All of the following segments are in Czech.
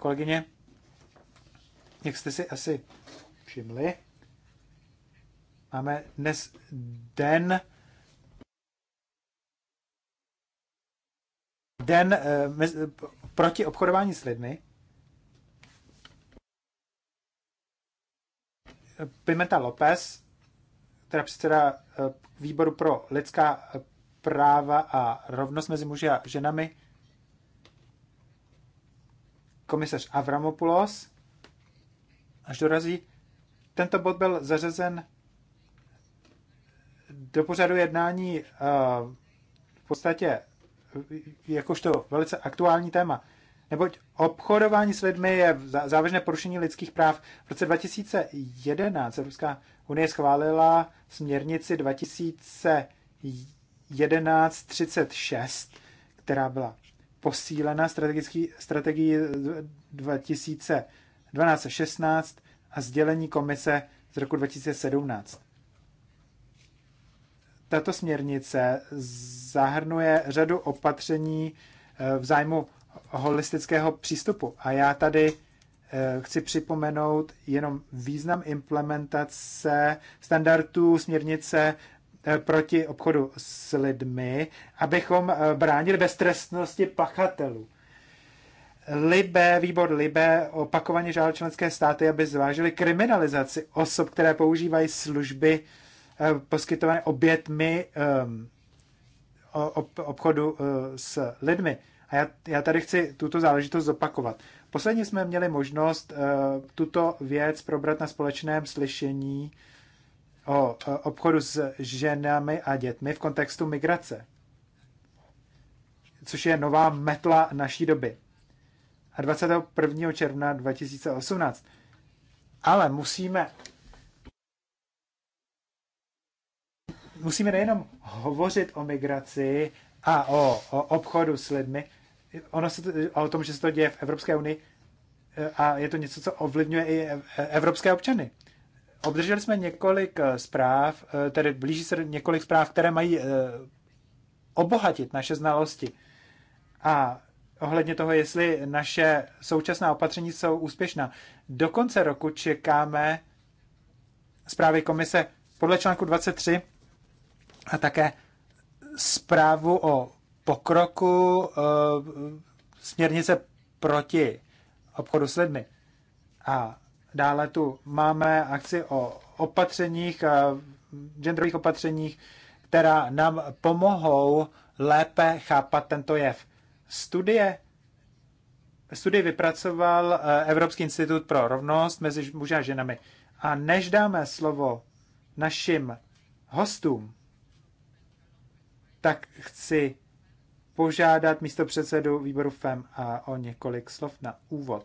Kolegyně, jak jste si asi všimli, máme dnes den den eh, proti obchodování s lidmi. Pimenta Lopez, která předseda eh, výboru pro lidská eh, práva a rovnost mezi muži a ženami, komisař Avramopoulos, až dorazí, tento bod byl zařazen do pořadu jednání eh, v podstatě eh, jakožto velice aktuální téma. Neboť obchodování s lidmi je závažné porušení lidských práv. V roce 2011 Evropská unie schválila směrnici 2011-36, která byla posílena strategický, strategii 2012-16 a sdělení komise z roku 2017. Tato směrnice zahrnuje řadu opatření eh, v zájmu holistického přístupu. A já tady eh, chci připomenout jenom význam implementace standardů směrnice Eh, proti obchodu s lidmi, abychom eh, bránili beztrestnosti pachatelů. Libe, výbor Libe opakovaně žádal členské státy, aby zvážili kriminalizaci osob, které používají služby eh, poskytované obětmi ehm, obchodu s lidmi. A já, já tady chci tuto záležitost zopakovat. Posledně jsme měli možnost tuto věc probrat na společném slyšení o obchodu s ženami a dětmi v kontextu migrace, což je nová metla naší doby. A 21. června 2018. Ale musíme musíme nejenom hovořit o migraci a o, o obchodu s lidmi, ono se to, o tom, že se to děje v Evropské unii a je to něco, co ovlivňuje i e, evropské občany. Obdrželi jsme několik eh, zpráv, eh, tedy blíží se několik zpráv, které mají eh, obohatit naše znalosti. A ohledně toho, jestli naše současná opatření jsou úspěšná. Do konce roku čekáme zprávy komise podle článku 23 a také zprávu o pokroku e, směrnice proti obchodu s lidmi. A Dále tu máme akci o opatřeních, eh, genderových opatřeních, která nám pomohou lépe chápat tento jev. Studie studii vypracoval eh, Evropský institut pro rovnost mezi muži a ženami. A než dáme slovo našim hostům, tak chci požádat místo předsedu výboru FEM a o několik slov na úvod.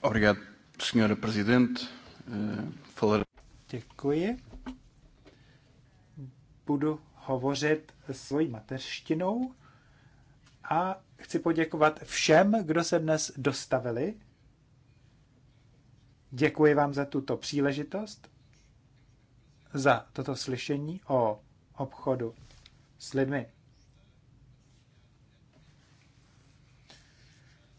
Obrigado. Senhora Presidente, eh, falar... Děkuji. Budu hovořit svojí mateřštinou a chci poděkovat všem, kdo se dnes dostavili. Děkuji vám za tuto příležitost, za toto slyšení o obchodu s lidmi.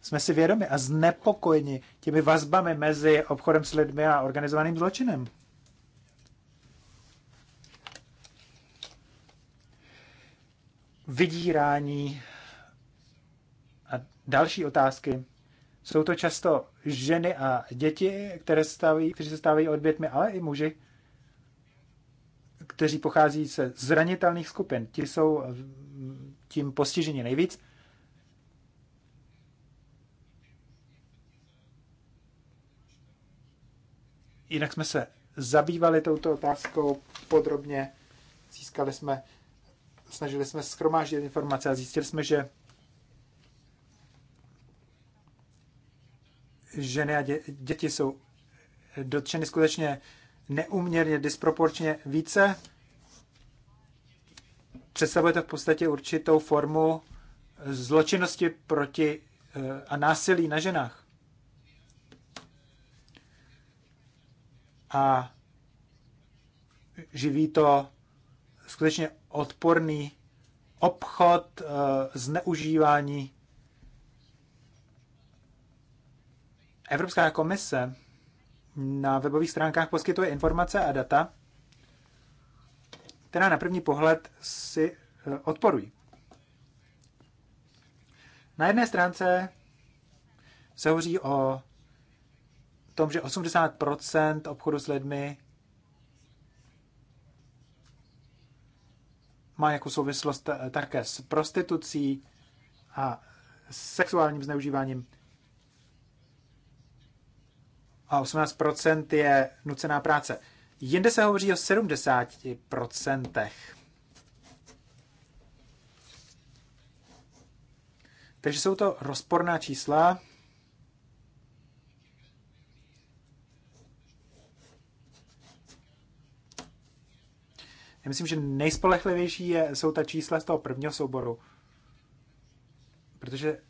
jsme si vědomi a znepokojeni těmi vazbami mezi obchodem s lidmi a organizovaným zločinem. Vydírání a další otázky. Jsou to často ženy a děti, které staví, kteří se stávají odbětmi, ale i muži, kteří pochází ze zranitelných skupin. Ti jsou tím postiženi nejvíc. jinak jsme se zabývali touto otázkou podrobně, získali jsme, snažili jsme schromáždit informace a zjistili jsme, že ženy a dě, děti jsou dotčeny skutečně neuměrně, disproporčně více. Představuje to v podstatě určitou formu zločinnosti proti eh, a násilí na ženách. a živí to skutečně odporný obchod, eh, zneužívání. Evropská komise na webových stránkách poskytuje informace a data, která na první pohled si eh, odporují. Na jedné stránce se hovoří o tom, že 80% obchodu s lidmi má jako souvislost eh, také s prostitucí a sexuálním zneužíváním. A 18% je nucená práce. Jinde se hovoří o 70%. Takže jsou to rozporná čísla. Já myslím, že nejspolehlivější je, jsou ta čísla z toho prvního souboru, protože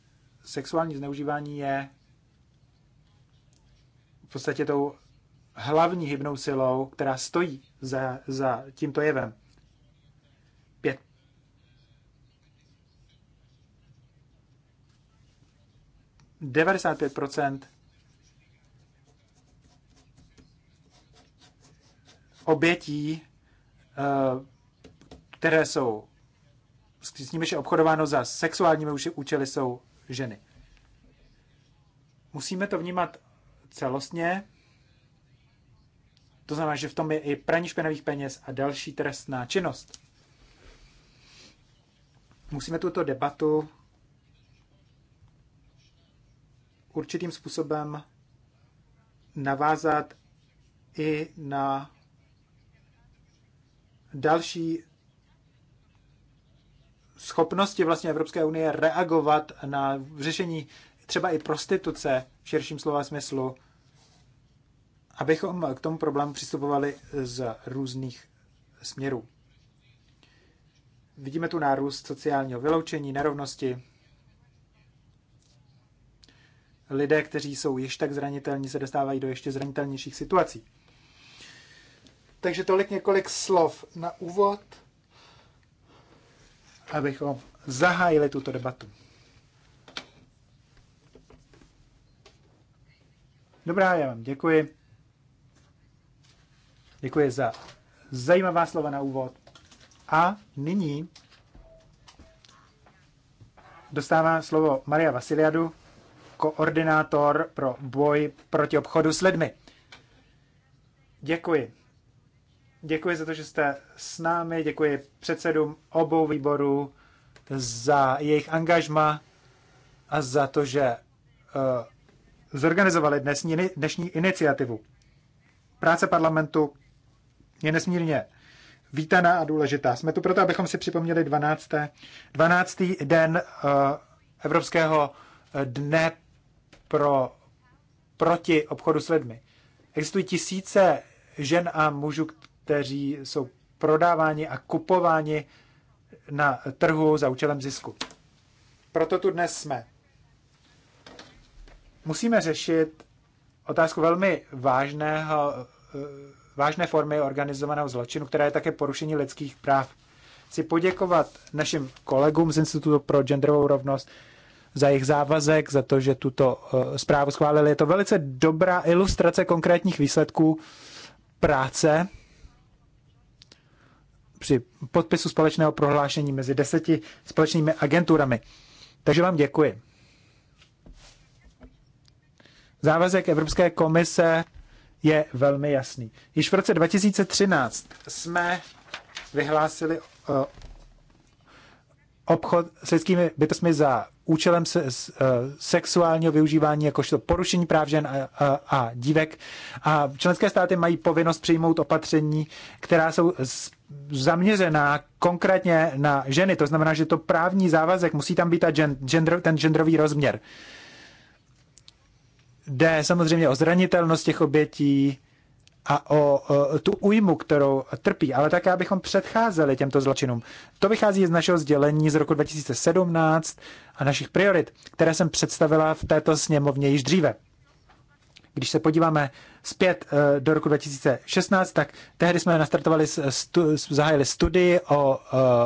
sexuální zneužívání je v podstatě tou hlavní hybnou silou, která stojí za, za tímto jevem. Pět. Devadesát procent obětí Eh, které jsou, s nimiž je obchodováno za sexuálními účely, jsou ženy. Musíme to vnímat celostně, to znamená, že v tom je i praní špinavých peněz a další trestná činnost. Musíme tuto debatu určitým způsobem navázat i na další schopnosti vlastně Evropské unie reagovat na řešení třeba i prostituce v širším slova smyslu, abychom k tomu problému přistupovali z různých směrů. Vidíme tu nárůst sociálního vyloučení, nerovnosti. Lidé, kteří jsou již tak zranitelní, se dostávají do ještě zranitelnějších situací. Takže tolik několik slov na úvod, abychom zahájili tuto debatu. Dobrá, já vám děkuji. Děkuji za zajímavá slova na úvod. A nyní dostává slovo Maria Vasiliadu, koordinátor pro boj proti obchodu s lidmi. Děkuji. Děkuji za to, že jste s námi, děkuji předsedům obou výborů za jejich angažma a za to, že uh, zorganizovali dnesní, dnešní iniciativu. Práce parlamentu je nesmírně vítaná a důležitá. Jsme tu proto, abychom si připomněli 12. 12. den uh, Evropského eh, dne pro, proti obchodu s lidmi. Existují tisíce žen a mužů, kteří jsou prodáváni a kupováni na trhu za účelem zisku. Proto tu dnes jsme. Musíme řešit otázku velmi vážného, vážné formy organizovaného zločinu, která je také porušení lidských práv. Chci poděkovat našim kolegům z Institutu pro genderovou rovnost za jejich závazek, za to, že tuto eh, zprávu schválili. Je to velice dobrá ilustrace konkrétních výsledků práce při podpisu společného prohlášení mezi deseti společnými agenturami. Takže vám děkuji. Závazek Evropské komise je velmi jasný. Již v roce 2013 jsme vyhlásili eh, obchod s lidskými bytostmi za účelem se, s, eh, sexuálního využívání jakožto porušení práv žen a, a, a dívek. A členské státy mají povinnost přijmout opatření, která jsou zaměřená konkrétně na ženy. To znamená, že to právní závazek musí tam být ta gender, ten genderový rozměr. Jde samozřejmě o zranitelnost těch obětí, a o tu újmu, kterou trpí, ale také, abychom předcházeli těmto zločinům. To vychází z našeho sdělení z roku 2017 a našich priorit, které jsem představila v této sněmovně již dříve. Když se podíváme zpět eh, do roku 2016, tak tehdy jsme nastartovali, stu, zahájili studii o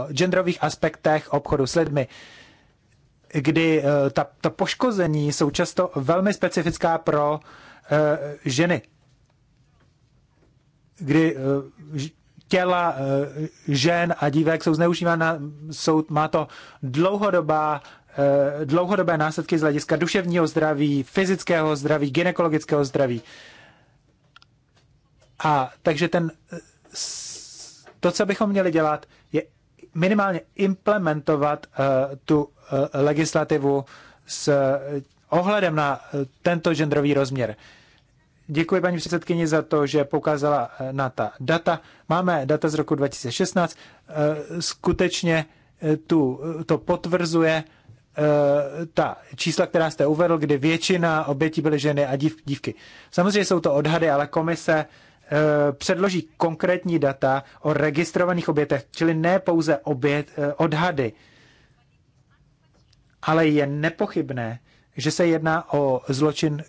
eh, genderových aspektech obchodu s lidmi kdy eh, ta, ta poškození jsou často velmi specifická pro uh, ženy kdy eh, těla eh, žen a dívek jsou zneužívána, soud má to dlouhodobá eh, dlouhodobé následky z hlediska duševního zdraví, fyzického zdraví, ginekologického zdraví. A takže ten, to, co bychom měli dělat, je minimálně implementovat uh, tu uh, legislativu s uh, ohledem na uh, tento genderový rozměr. Uh, Děkuji paní předsedkyni za to, že poukázala eh, na ta data. Máme data z roku 2016. Eh, skutečně eh, tu, to potvrzuje ta čísla, která jste uvedl, kdy většina obětí byly ženy a dívky. Samozřejmě jsou to odhady, ale komise předloží konkrétní data o registrovaných obětech, čili ne pouze obět, odhady, ale je nepochybné, že se jedná o zločin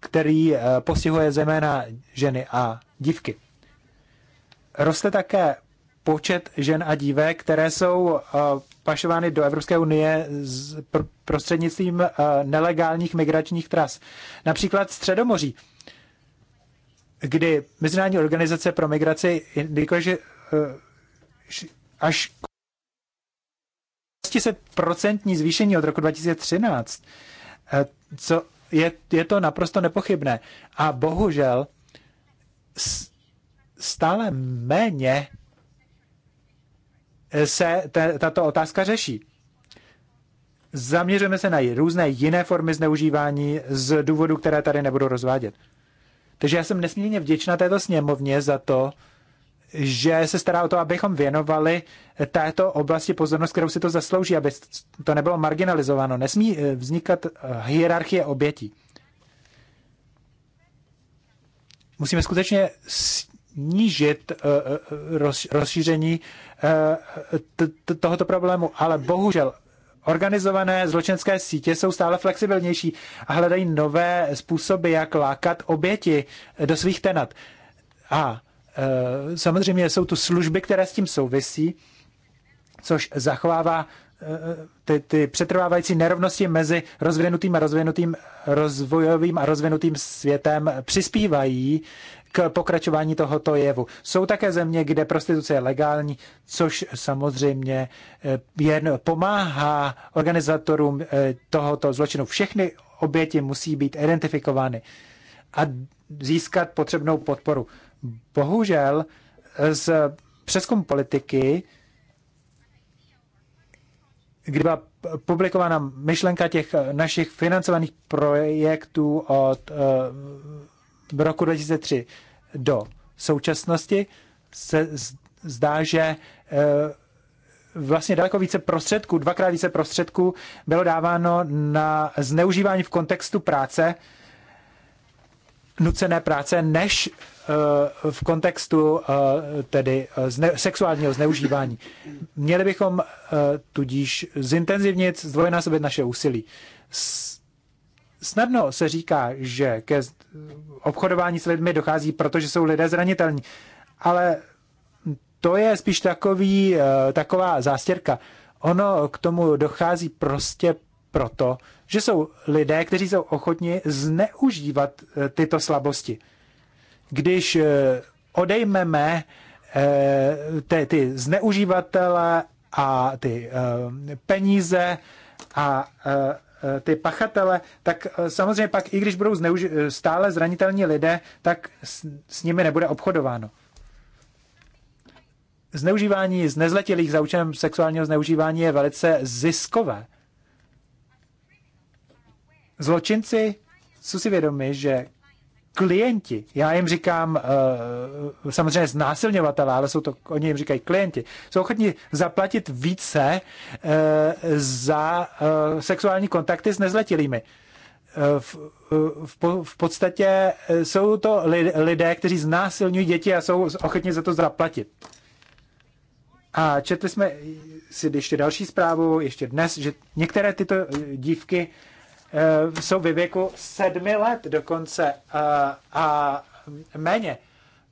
který eh, postihuje zejména ženy a dívky. Roste také počet žen a dívek, které jsou eh, pašovány do Evropské unie z, pr- prostřednictvím eh, nelegálních migračních tras. Například Středomoří, kdy Mezinárodní organizace pro migraci indikuje, že až 60% zvýšení od roku 2013, co je, je to naprosto nepochybné. A bohužel stále méně se tato otázka řeší. Zaměřujeme se na různé jiné formy zneužívání z důvodu, které tady nebudu rozvádět. Takže já jsem nesmírně vděčná této sněmovně za to, že se stará o to, abychom věnovali této oblasti pozornost, kterou si to zaslouží, aby to nebylo marginalizováno. Nesmí eh, vznikat eh, hierarchie obětí. Musíme skutečně snížit eh, rozšíření tohoto problému, ale bohužel Organizované zločenské sítě jsou stále flexibilnější a hledají nové způsoby, jak lákat oběti do svých tenat. A Eh, samozřejmě jsou tu služby, které s tím souvisí, což zachovává eh, ty, ty přetrvávající nerovnosti mezi rozvinutým a rozvinutým rozvojovým a rozvinutým světem přispívají k pokračování tohoto jevu. Jsou také země, kde prostituce je legální, což samozřejmě eh, jen pomáhá organizátorům tohoto zločinu. Všechny oběti musí být identifikovány a získat potřebnou podporu. Bohužel eh, z přeskum politiky, kdy byla publikována myšlenka těch eh, našich financovaných projektů od uh, roku 2003 do současnosti, se zdá, že uh, vlastně daleko více prostředků, dvakrát více prostředků bylo dáváno na zneužívání v kontextu práce nucené práce než eh, v kontextu eh, tedy eh, zne, sexuálního zneužívání. Měli bychom tudíž zintenzivnit, zdvojnásobit naše úsilí. Snadno se říká, že ke obchodování s lidmi dochází, protože jsou lidé zranitelní, ale to je spíš takový, taková zástěrka. Ono k tomu dochází prostě proto, že jsou lidé, kteří jsou ochotni zneužívat eh, tyto slabosti. Když eh, odejmeme eh, ty, ty zneužívatele a ty peníze a ty pachatele, tak samozřejmě pak, i když budou zneuži- stále zranitelní lidé, tak s, s nimi nebude obchodováno. Zneužívání z nezletilých za účelem sexuálního zneužívání je velice ziskové zločinci jsou si vědomi, že klienti, já jim říkám uh, samozřejmě znásilňovatelé, ale jsou to, oni jim říkají klienti, jsou ochotní zaplatit více uh, za uh, sexuální kontakty s nezletilými. V, v, v podstatě jsou to lidé, kteří znásilňují děti a jsou ochotni za to zaplatit. A četli jsme si ještě další zprávu, ještě dnes, že některé tyto dívky Eh, jsou ve věku sedmi let dokonce eh, a, méně.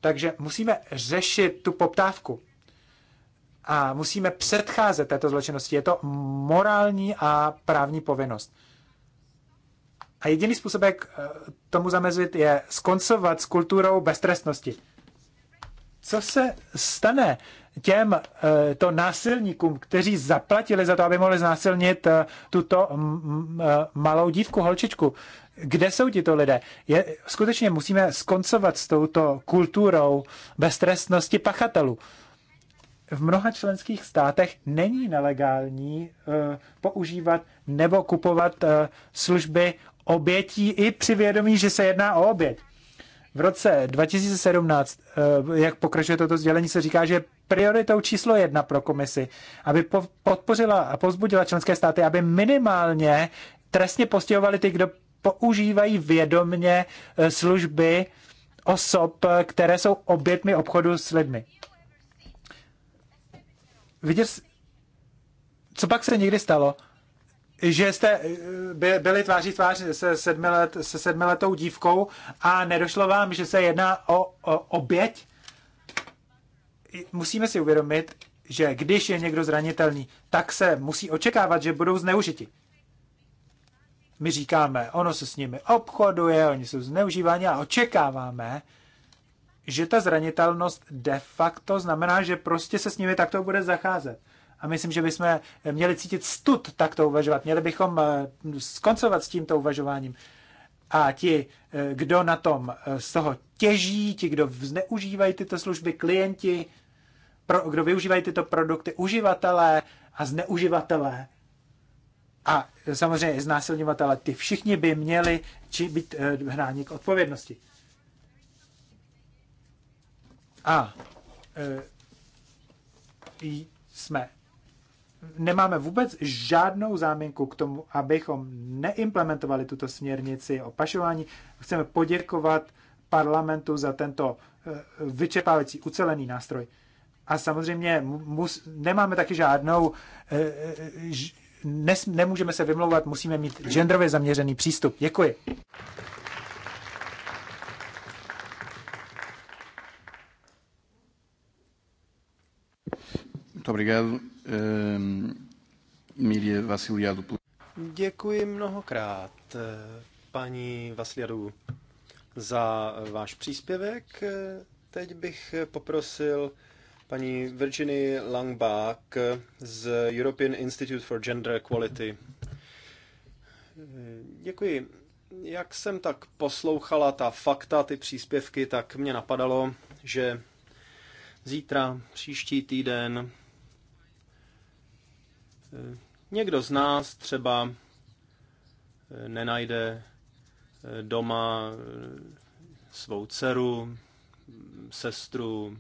Takže musíme řešit tu poptávku a musíme předcházet této zločinnosti. Je to morální a právní povinnost. A jediný způsob, jak eh, tomu zamezit, je skoncovat s kulturou beztrestnosti co se stane těm eh, to násilníkům, kteří zaplatili za to, aby mohli znásilnit eh, tuto eh, malou dívku, holčičku. Kde jsou tito lidé? Je, skutečně musíme skoncovat s touto kulturou beztrestnosti pachatelů. V mnoha členských státech není nelegální uh, používat nebo kupovat uh, služby obětí i při vědomí, že se jedná o oběť. V roce 2017, eh, jak pokračuje toto sdělení, se říká, že prioritou číslo jedna pro komisi, aby podpořila a pozbudila členské státy, aby minimálně trestně postihovali ty, kdo používají vědomně eh, služby osob, eh, které jsou obětmi obchodu s lidmi. Viděl, co pak se někdy stalo, že jste eh, byli tváří tvář se, let, se sedmiletou dívkou a nedošlo vám, že se jedná o, o oběť? Musíme si uvědomit, že když je někdo zranitelný, tak se musí očekávat, že budou zneužiti. My říkáme, ono se s nimi obchoduje, oni jsou zneužíváni a očekáváme, že ta zranitelnost de facto znamená, že prostě se s nimi takto bude zacházet. A myslím, že bychom měli cítit stud takto uvažovat. Měli bychom eh, skoncovat s tímto uvažováním. A ti, eh, kdo na tom eh, z toho těží, ti, kdo zneužívají tyto služby, klienti, pro, kdo využívají tyto produkty, uživatelé a zneuživatelé, a samozřejmě znásilňovatelé, ty všichni by měli či být hráni k odpovědnosti. A e, jsme nemáme vůbec žádnou záminku k tomu, abychom neimplementovali tuto směrnici o pašování. Chceme poděkovat parlamentu za tento eh, vyčerpávající ucelený nástroj. A samozřejmě mus, nemáme taky žádnou, eh, eh, ne nemůžeme se vymlouvat, musíme mít genderově zaměřený přístup. Děkuji. Muito obrigado. Ehm, Vasiliadu. Děkuji mnohokrát, eh, paní Vasiliadu, za váš příspěvek. Eh, teď bych poprosil paní Virginie Langbach z European Institute for Gender Equality. Eh, děkuji. Jak jsem tak poslouchala ta fakta, ty příspěvky, tak mě napadalo, že zítra, příští týden, Někdo z nás třeba eh, nenajde eh, doma eh, svou dceru, sestru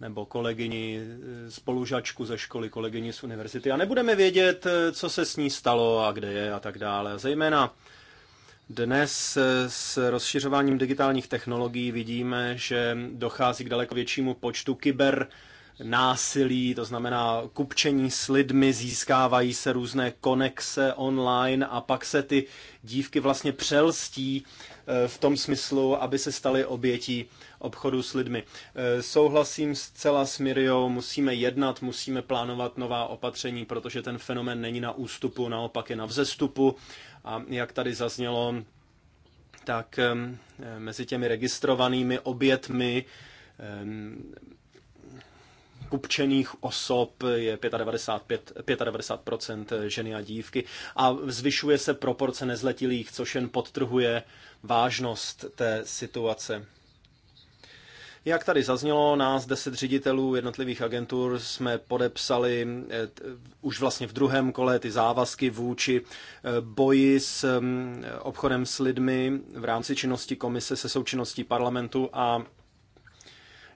nebo kolegyni, spolužačku ze školy, kolegyni z univerzity a nebudeme vědět, co se s ní stalo a kde je a tak dále. zejména dnes s rozšiřováním digitálních technologií vidíme, že dochází k daleko většímu počtu kyber násilí, to znamená kupčení s lidmi, získávají se různé konexe online a pak se ty dívky vlastně přelstí eh, v tom smyslu, aby se staly obětí obchodu s lidmi. Eh, souhlasím zcela s Miriou, musíme jednat, musíme plánovat nová opatření, protože ten fenomen není na ústupu, naopak je na vzestupu a jak tady zaznělo, tak mezi těmi registrovanými obětmi kupčených osob je 95, 95% ženy a dívky a zvyšuje se proporce nezletilých, což jen podtrhuje vážnost té situace. Jak tady zaznělo, nás deset ředitelů jednotlivých agentur jsme podepsali eh, už vlastně v druhém kole ty závazky vůči eh, boji s mm, obchodem s lidmi v rámci činnosti komise se součinností parlamentu a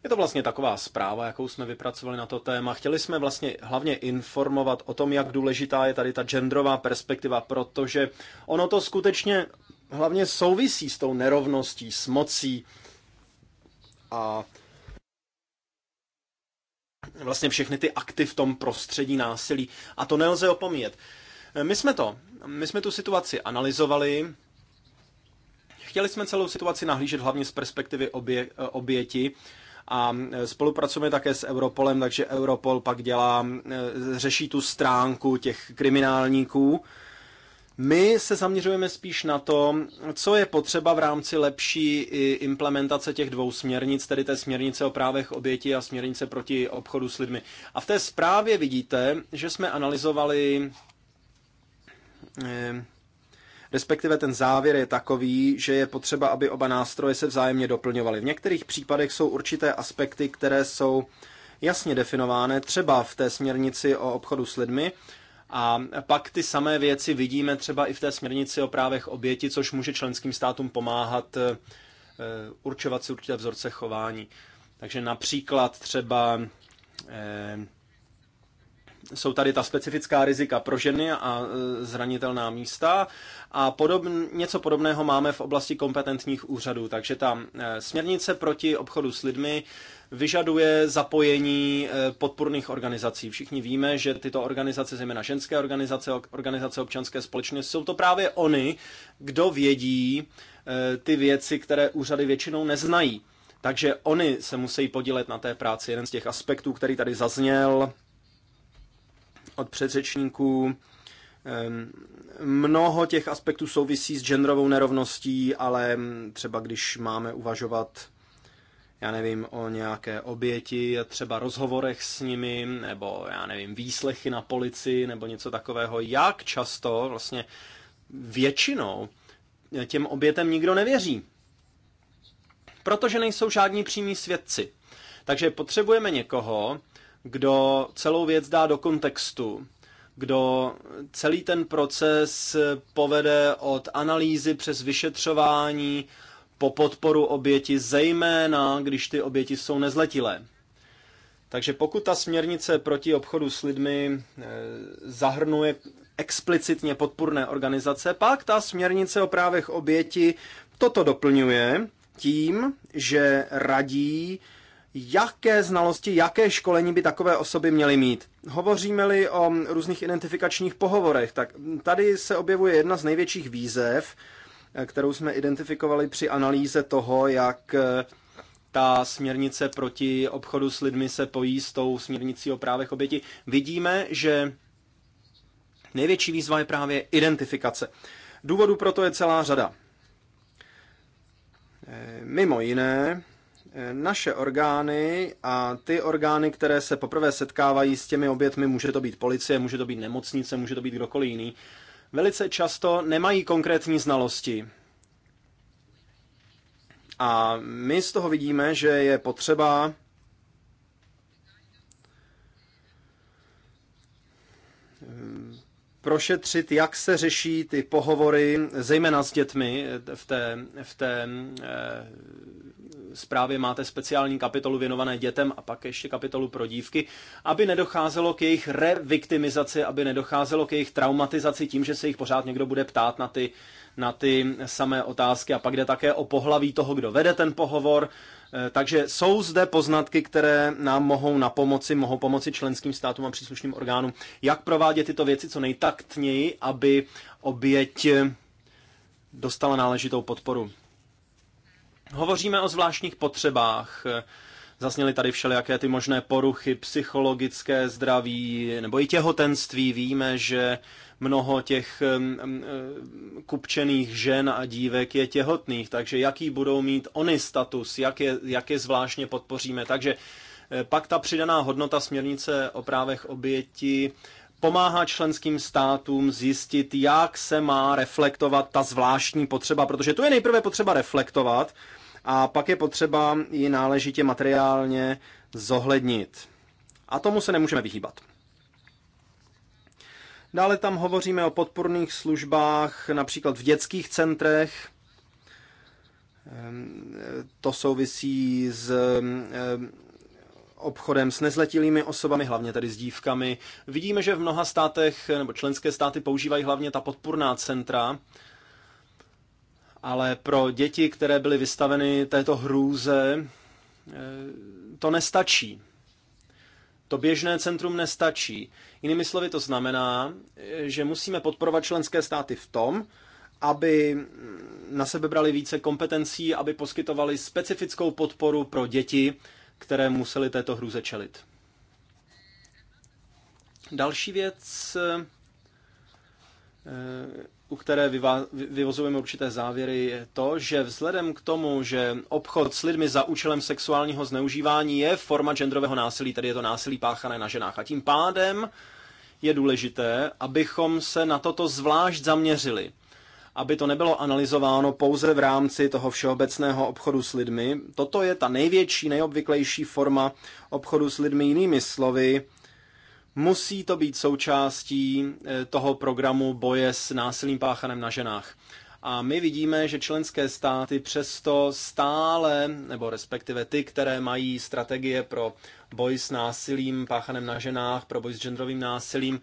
je to vlastně taková zpráva, jakou jsme vypracovali na to téma. Chtěli jsme vlastně hlavně informovat o tom, jak důležitá je tady ta genderová perspektiva, protože ono to skutečně hlavně souvisí s tou nerovností, s mocí a vlastně všechny ty akty v tom prostředí násilí. A to nelze opomíjet. My jsme to, my jsme tu situaci analyzovali, chtěli jsme celou situaci nahlížet hlavně z perspektivy obě, oběti a e, spolupracujeme také s Europolem, takže Europol pak dělá, e, řeší tu stránku těch kriminálníků. My se zaměřujeme spíš na to, co je potřeba v rámci lepší implementace těch dvou směrnic, tedy té směrnice o právech oběti a směrnice proti obchodu s lidmi. A v té zprávě vidíte, že jsme analyzovali e, respektive ten závěr je takový, že je potřeba, aby oba nástroje se vzájemně doplňovaly. V některých případech jsou určité aspekty, které jsou jasně definovány, třeba v té směrnici o obchodu s lidmi, a pak ty samé věci vidíme třeba i v té směrnici o právech oběti, což může členským státům pomáhat eh, určovat si určité vzorce chování. Takže například třeba eh, jsou tady ta specifická rizika pro ženy a e, zranitelná místa a podob, něco podobného máme v oblasti kompetentních úřadů. Takže ta e, směrnice proti obchodu s lidmi vyžaduje zapojení e, podporných organizací. Všichni víme, že tyto organizace, zejména ženské organizace, organizace občanské společnosti, jsou to právě oni, kdo vědí ty věci, které úřady většinou neznají. Takže oni se musí podílet na té práci. Jeden z těch aspektů, který tady zazněl, od předřečníků. Mnoho těch aspektů souvisí s genderovou nerovností, ale třeba když máme uvažovat, já nevím, o nějaké oběti, třeba rozhovorech s nimi, nebo já nevím, výslechy na policii, nebo něco takového, jak často vlastně většinou těm obětem nikdo nevěří. Protože nejsou žádní přímí svědci. Takže potřebujeme někoho, kdo celou věc dá do kontextu, kdo celý ten proces povede od analýzy přes vyšetřování po podporu oběti, zejména když ty oběti jsou nezletilé. Takže pokud ta směrnice proti obchodu s lidmi e, zahrnuje explicitně podpůrné organizace, pak ta směrnice o právech oběti toto doplňuje tím, že radí jaké znalosti, jaké školení by takové osoby měly mít. Hovoříme-li o různých identifikačních pohovorech, tak tady se objevuje jedna z největších výzev, eh, kterou jsme identifikovali při analýze toho, jak eh, ta směrnice proti obchodu s lidmi se pojí s tou směrnicí o právech oběti. Vidíme, že největší výzva je právě identifikace. Důvodů pro to je celá řada. Eh, mimo jiné, naše orgány a ty orgány, které se poprvé setkávají s těmi obětmi, může to být policie, může to být nemocnice, může to být kdokoliv jiný, velice často nemají konkrétní znalosti. A my z toho vidíme, že je potřeba prošetřit, jak se řeší ty pohovory, zejména s dětmi. V té, v té eh, zprávě máte speciální kapitolu věnované dětem a pak ještě kapitolu pro dívky, aby nedocházelo k jejich reviktimizaci, aby nedocházelo k jejich traumatizaci tím, že se jich pořád někdo bude ptát na ty, na ty samé otázky. A pak jde také o pohlaví toho, kdo vede ten pohovor, Eh, takže jsou zde poznatky, které nám mohou na pomoci, mohou pomoci členským státům a příslušným orgánům, jak provádět tyto věci co nejtaktněji, aby oběť eh, dostala náležitou podporu. Hovoříme o zvláštních potřebách. Eh, Zasněly tady všelijaké ty možné poruchy, psychologické zdraví nebo i těhotenství. Víme, že mnoho těch eh, kupčených žen a dívek je těhotných, takže jaký budou mít oni status, jak je, jak je zvláštně podpoříme. Takže eh, pak ta přidaná hodnota směrnice o právech oběti pomáhá členským státům zjistit, jak se má reflektovat ta zvláštní potřeba, protože tu je nejprve potřeba reflektovat a pak je potřeba ji náležitě materiálně zohlednit. A tomu se nemůžeme vyhýbat. Dále tam hovoříme o podporných službách, například v dětských centrech. Ehm, to souvisí s ehm, obchodem s nezletilými osobami, hlavně tedy s dívkami. Vidíme, že v mnoha státech nebo členské státy používají hlavně ta podporná centra, ale pro děti, které byly vystaveny této hrůze, ehm, to nestačí. To běžné centrum nestačí. Jinými slovy to znamená, že musíme podporovat členské státy v tom, aby na sebe brali více kompetencí, aby poskytovali specifickou podporu pro děti, které museli této hruze čelit. Další věc, eh, u které vyvá, vyvozujeme určité závěry, je to, že vzhledem k tomu, že obchod s lidmi za účelem sexuálního zneužívání je forma genderového násilí, tedy je to násilí páchané na ženách. A tím pádem je důležité, abychom se na toto zvlášť zaměřili. Aby to nebylo analyzováno pouze v rámci toho všeobecného obchodu s lidmi. Toto je ta největší, nejobvyklejší forma obchodu s lidmi, jinými slovy, Musí to být součástí eh, toho programu boje s násilím páchanem na ženách. A my vidíme, že členské státy přesto stále, nebo respektive ty, které mají strategie pro boj s násilím páchanem na ženách, pro boj s genderovým násilím,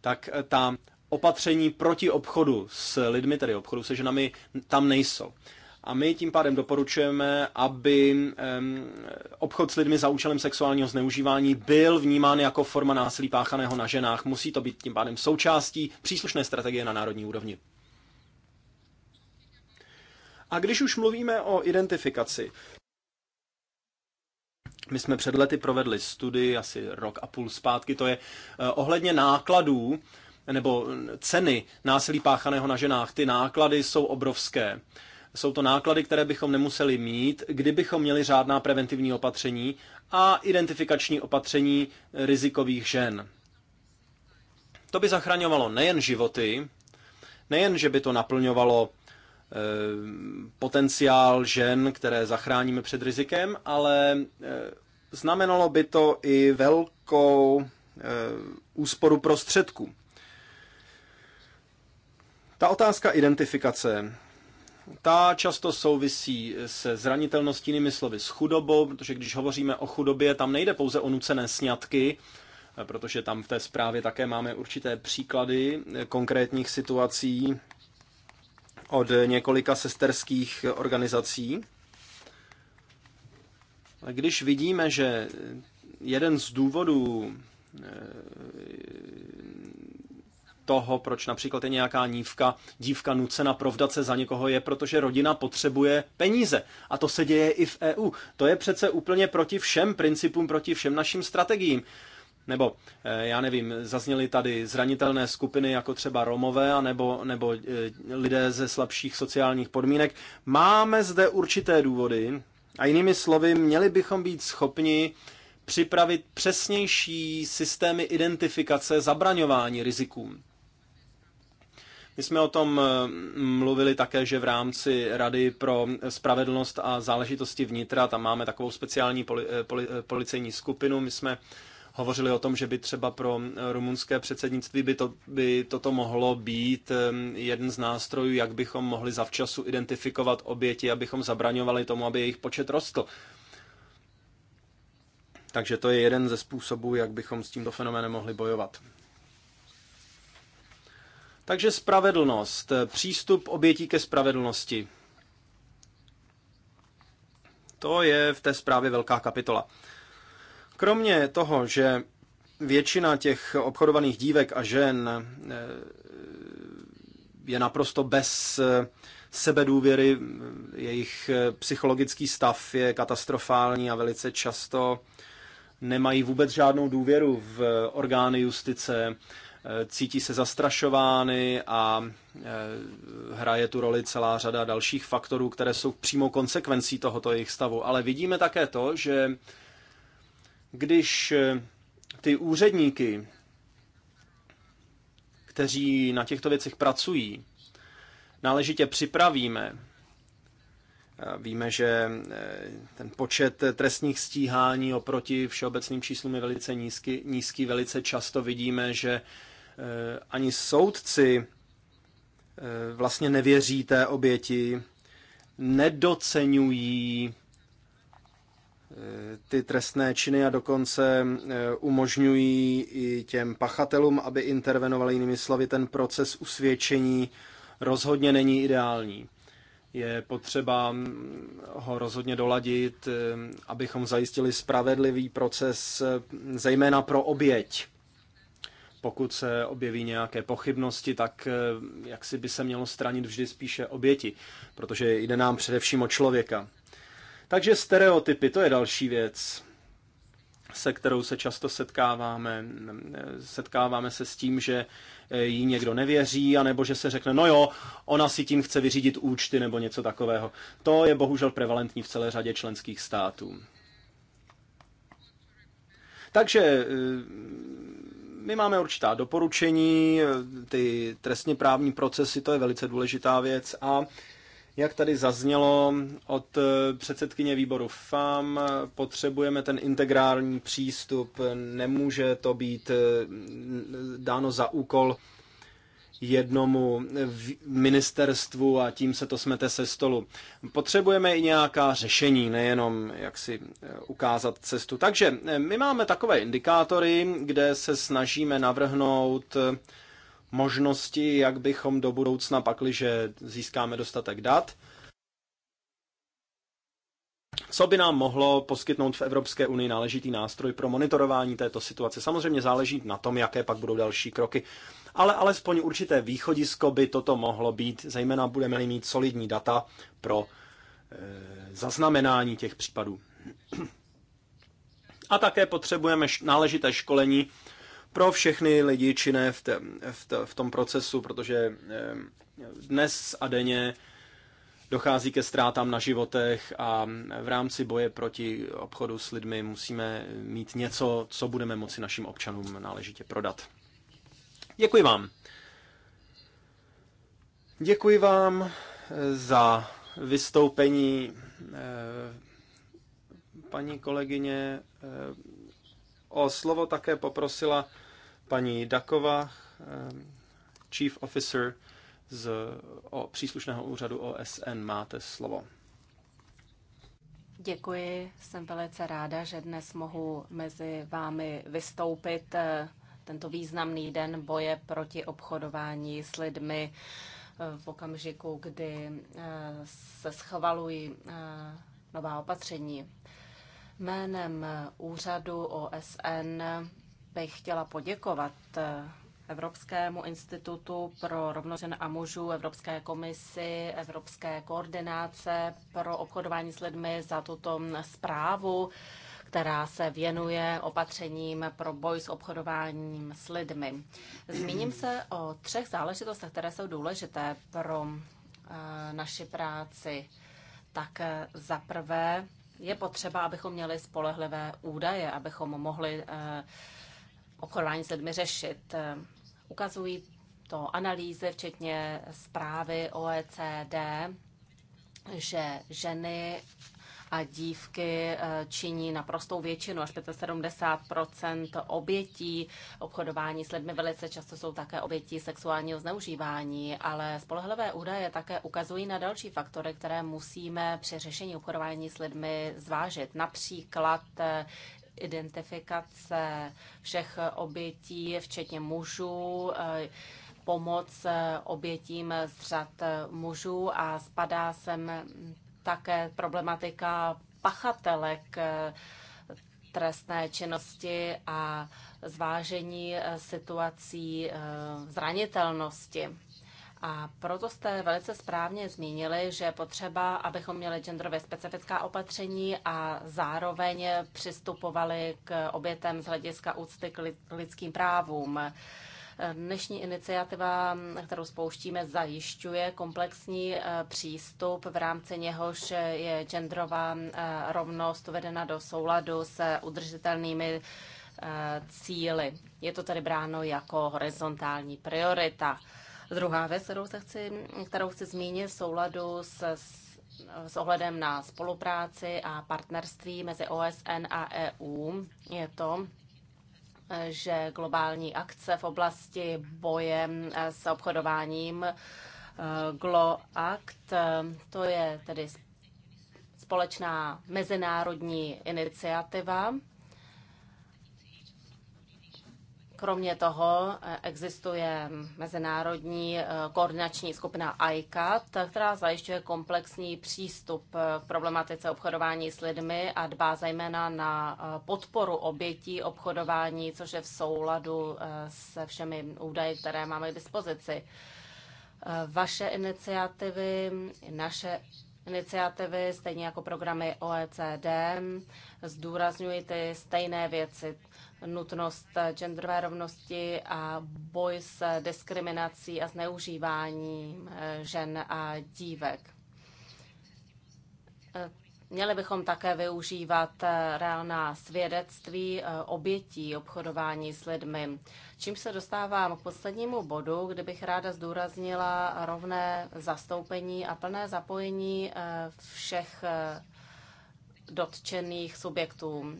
tak eh, ta opatření proti obchodu s lidmi, tedy obchodu se ženami, tam nejsou. A my tím pádem doporučujeme, aby obchod s lidmi za účelem sexuálního zneužívání byl vnímán jako forma násilí páchaného na ženách. Musí to být tím pádem součástí příslušné strategie na národní úrovni. A když už mluvíme o identifikaci, my jsme před lety provedli studii, asi rok a půl zpátky, to je eh, ohledně nákladů nebo ceny násilí páchaného na ženách. Ty náklady jsou obrovské. Jsou to náklady, které bychom nemuseli mít, kdybychom měli řádná preventivní opatření a identifikační opatření rizikových žen. To by zachraňovalo nejen životy, nejen, že by to naplňovalo eh, potenciál žen, které zachráníme před rizikem, ale eh, znamenalo by to i velkou eh, úsporu prostředků. Ta otázka identifikace ta často souvisí se zranitelností, jinými slovy s chudobou, protože když hovoříme o chudobě, tam nejde pouze o nucené sňatky, protože tam v té zprávě také máme určité příklady konkrétních situací od několika sesterských organizací. Když vidíme, že jeden z důvodů toho, proč například je nějaká dívka, dívka nucena provdat se za někoho, je protože rodina potřebuje peníze. A to se děje i v EU. To je přece úplně proti všem principům, proti všem našim strategiím. Nebo, eh, já nevím, zazněly tady zranitelné skupiny, jako třeba Romové, nebo, nebo eh, lidé ze slabších sociálních podmínek. Máme zde určité důvody, a jinými slovy, měli bychom být schopni připravit přesnější systémy identifikace zabraňování rizikům. My jsme o tom eh, mluvili také, že v rámci Rady pro spravedlnost a záležitosti vnitra, tam máme takovou speciální poli, eh, poli, eh, policejní skupinu, my jsme hovořili o tom, že by třeba pro rumunské předsednictví by, to, by toto mohlo být ehm, jeden z nástrojů, jak bychom mohli zavčasu identifikovat oběti, abychom zabraňovali tomu, aby jejich počet rostl. Takže to je jeden ze způsobů, jak bychom s tímto fenoménem mohli bojovat. Takže spravedlnost, eh, přístup obětí ke spravedlnosti. To je v té zprávě velká kapitola. Kromě toho, že většina těch obchodovaných dívek a žen eh, je naprosto bez eh, sebedůvěry, jejich psychologický stav je katastrofální a velice často nemají vůbec žádnou důvěru v orgány justice Eh, cítí se zastrašovány a eh, hraje tu roli celá řada dalších faktorů, které jsou přímo konsekvencí tohoto jejich stavu. Ale vidíme také to, že když eh, ty úředníky, kteří na těchto věcech pracují, náležitě připravíme, Víme, že ten počet trestních stíhání oproti všeobecným číslům je velice nízký, nízký. Velice často vidíme, že Eh, ani soudci eh, vlastně nevěří té oběti, nedocenují eh, ty trestné činy a dokonce umožňují i těm pachatelům, aby intervenovali. Jinými slovy, ten proces usvědčení rozhodně není ideální. Je potřeba mm, ho rozhodně doladit, abychom zajistili spravedlivý proces, zejména pro oběť pokud se objeví nějaké pochybnosti, tak eh, jak si by se mělo stranit vždy spíše oběti, protože jde nám především o člověka. Takže stereotypy, to je další věc, se kterou se často setkáváme. Setkáváme se s tím, že eh, jí někdo nevěří, anebo že se řekne, no jo, ona si tím chce vyřídit účty nebo něco takového. To je bohužel prevalentní v celé řadě členských států. Takže eh, my máme určitá doporučení, ty trestně právní procesy, to je velice důležitá věc a jak tady zaznělo od předsedkyně výboru FAM, potřebujeme ten integrální přístup, nemůže to být dáno za úkol jednomu ministerstvu a tím se to smete se stolu. Potřebujeme i nějaká řešení, nejenom jak si eh, ukázat cestu. Takže eh, my máme takové indikátory, kde se snažíme navrhnout eh, možnosti, jak bychom do budoucna pakliže získáme dostatek dat, co by nám mohlo poskytnout v Evropské unii náležitý nástroj pro monitorování této situace? Samozřejmě záleží na tom, jaké pak budou další kroky ale alespoň určité východisko by toto mohlo být, zejména budeme-li mít solidní data pro e, zaznamenání těch případů. A také potřebujeme náležité školení pro všechny lidi činné v, te, v, te, v tom procesu, protože e, dnes a denně dochází ke ztrátám na životech a v rámci boje proti obchodu s lidmi musíme mít něco, co budeme moci našim občanům náležitě prodat. Děkuji vám. Děkuji vám eh, za vystoupení eh, paní kolegyně. Eh, o slovo také poprosila paní Dakova, chief officer z o, příslušného úřadu OSN. Máte slovo. Děkuji, jsem velice ráda, že dnes mohu mezi vámi vystoupit tento významný den boje proti obchodování s lidmi eh, v okamžiku, kdy eh, se schvalují eh, nová opatření. Jménem úřadu OSN bych chtěla poděkovat Evropskému institutu pro rovnost žen a mužů, Evropské komisi, Evropské koordinace pro obchodování s lidmi za tuto mm, zprávu, která se věnuje opatřením pro boj s obchodováním s lidmi. Zmíním se o třech záležitostech, které jsou důležité pro eh, naši práci. Tak eh, za prvé je potřeba, abychom měli spolehlivé údaje, abychom mohli eh, obchodování s lidmi řešit. Ukazují to analýzy, včetně zprávy OECD, že ženy a dívky eh, činí naprostou většinu, až 75 obětí obchodování s lidmi. Velice často jsou také obětí sexuálního zneužívání, ale spolehlivé údaje také ukazují na další faktory, které musíme při řešení obchodování s lidmi zvážit. Například eh, identifikace všech obětí, včetně mužů, eh, pomoc obětím z řad mužů a spadá sem také problematika pachatelek eh, trestné činnosti a zvážení eh, situací eh, zranitelnosti. A proto jste velice správně zmínili, že je potřeba, abychom měli genderově specifická opatření a zároveň přistupovali k obětem z hlediska úcty k lidským právům. Dnešní iniciativa, kterou spouštíme, zajišťuje komplexní eh, přístup, v rámci něhož je genderová eh, rovnost uvedena do souladu s udržitelnými eh, cíly. Je to tady bráno jako horizontální priorita. Druhá věc, kterou, se chci, kterou chci zmínit, v souladu s, s ohledem na spolupráci a partnerství mezi OSN a EU, je to, že globální akce v oblasti boje eh, s obchodováním eh, GloAct eh, to je tedy společná mezinárodní iniciativa Kromě toho eh, existuje mezinárodní eh, koordinační skupina ICAT, která zajišťuje komplexní přístup eh, k problematice obchodování s lidmi a dbá zejména na podporu obětí obchodování, což je v souladu se všemi údaji, které máme k dispozici. Vaše iniciativy, naše iniciativy, stejně jako programy OECD, zdůrazňují ty stejné věci, nutnost genderové rovnosti a boj s diskriminací a zneužíváním eh, žen a dívek. Eh, měli bychom také využívat eh, reálná svědectví obětí obchodování s lidmi. Čím se dostávám k poslednímu bodu, kde bych ráda zdůraznila rovné zastoupení a plné zapojení všech dotčených subjektů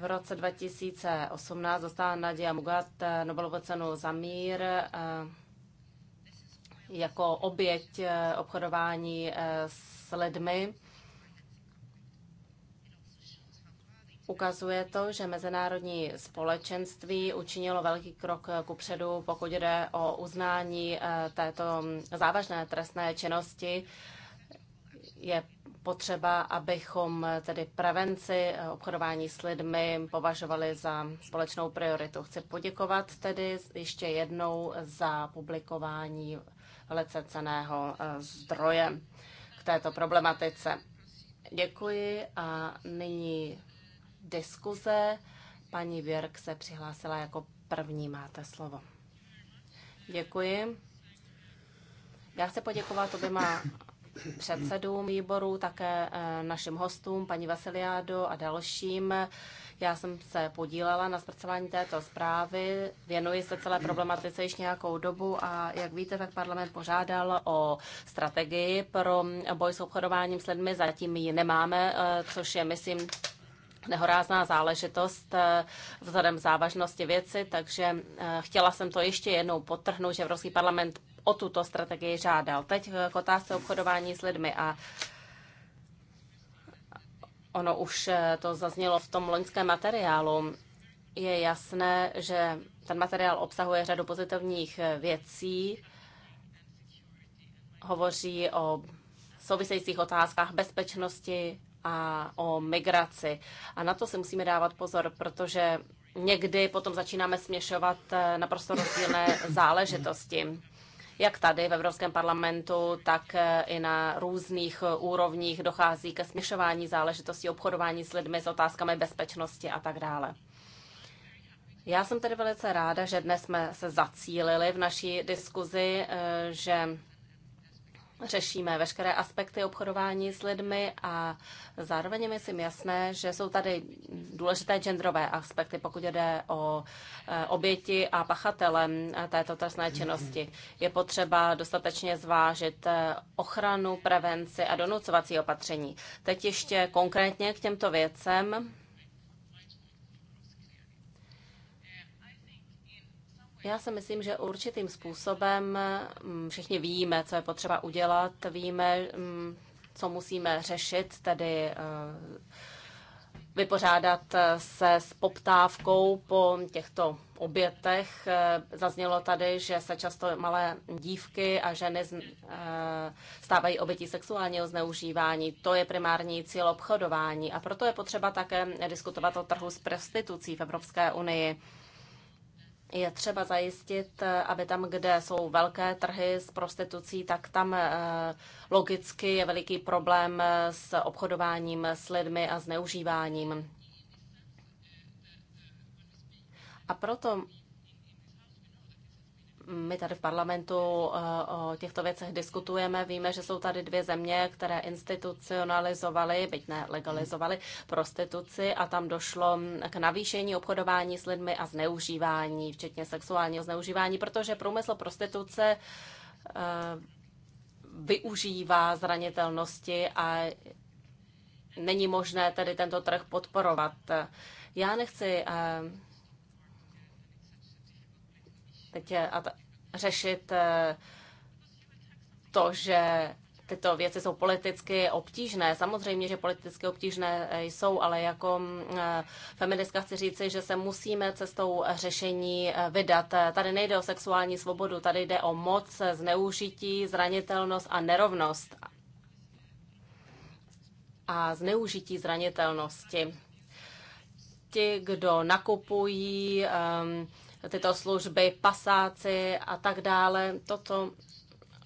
v roce 2018 dostala Nadia Mugat eh, Nobelovu cenu za mír eh, jako oběť eh, obchodování s lidmi. Ukazuje to, že mezinárodní společenství učinilo velký krok kupředu, pokud jde o uznání této závažné trestné činnosti. Je potřeba, abychom tedy prevenci obchodování s lidmi považovali za společnou prioritu. Chci poděkovat tedy ještě jednou za publikování velice ceného eh, zdroje k této problematice. Děkuji a nyní diskuze. Paní Věrk se přihlásila jako první, máte slovo. Děkuji. Já chci poděkovat oběma předsedům výboru, také e, našim hostům, paní Vasiliádo a dalším. Já jsem se podílela na zpracování této zprávy, věnuji se celé problematice již nějakou dobu a jak víte, tak parlament požádal o strategii pro boj s obchodováním s lidmi, zatím ji nemáme, e, což je, myslím, nehorázná záležitost e, vzhledem závažnosti věci, takže chtěla jsem to ještě jednou potrhnout, že Evropský parlament o tuto strategii žádal. Teď k otázce obchodování s lidmi a ono už eh, to zaznělo v tom loňském materiálu. Je jasné, že ten materiál obsahuje řadu pozitivních eh, věcí, hovoří o souvisejících otázkách bezpečnosti a o migraci. A na to si musíme dávat pozor, protože někdy potom začínáme směšovat eh, naprosto rozdílné záležitosti. Jak tady v Evropském parlamentu, tak eh, i na různých eh, úrovních dochází ke směšování záležitostí obchodování s lidmi, s otázkami bezpečnosti a tak dále. Já jsem tedy velice ráda, že dnes jsme se zacílili v naší diskuzi, eh, že řešíme veškeré aspekty obchodování s lidmi a zároveň je myslím jasné, že jsou tady důležité genderové aspekty, pokud jde o eh, oběti a pachatele eh, této trestné činnosti. Je potřeba dostatečně zvážit eh, ochranu, prevenci a donucovací opatření. Teď ještě konkrétně k těmto věcem. Já si myslím, že určitým způsobem mm, všichni víme, co je potřeba udělat, víme, mm, co musíme řešit, tedy eh, vypořádat eh, se s poptávkou po těchto obětech. Eh, zaznělo tady, že se často malé dívky a ženy stávají obětí sexuálního zneužívání. To je primární cíl obchodování a proto je potřeba také diskutovat o trhu s prostitucí v Evropské unii je třeba zajistit, eh, aby tam, kde jsou velké trhy s prostitucí, tak tam eh, logicky je veliký problém eh, s obchodováním s lidmi a zneužíváním. A proto my tady v parlamentu eh, o těchto věcech diskutujeme. Víme, že jsou tady dvě země, které institucionalizovaly, byť ne legalizovaly, prostituci a tam došlo k navýšení obchodování s lidmi a zneužívání, včetně sexuálního zneužívání, protože průmysl prostituce eh, využívá zranitelnosti a není možné tedy tento trh podporovat. Já nechci eh, Teď je, a t- řešit eh, to, že tyto věci jsou politicky obtížné. Samozřejmě, že politicky obtížné eh, jsou, ale jako mm, eh, feministka chci říci, že se musíme cestou řešení vydat. Tady nejde o sexuální svobodu, tady jde o moc, zneužití, zranitelnost a nerovnost. A zneužití zranitelnosti. Ti, kdo nakupují, um, tyto služby, pasáci a tak dále. Toto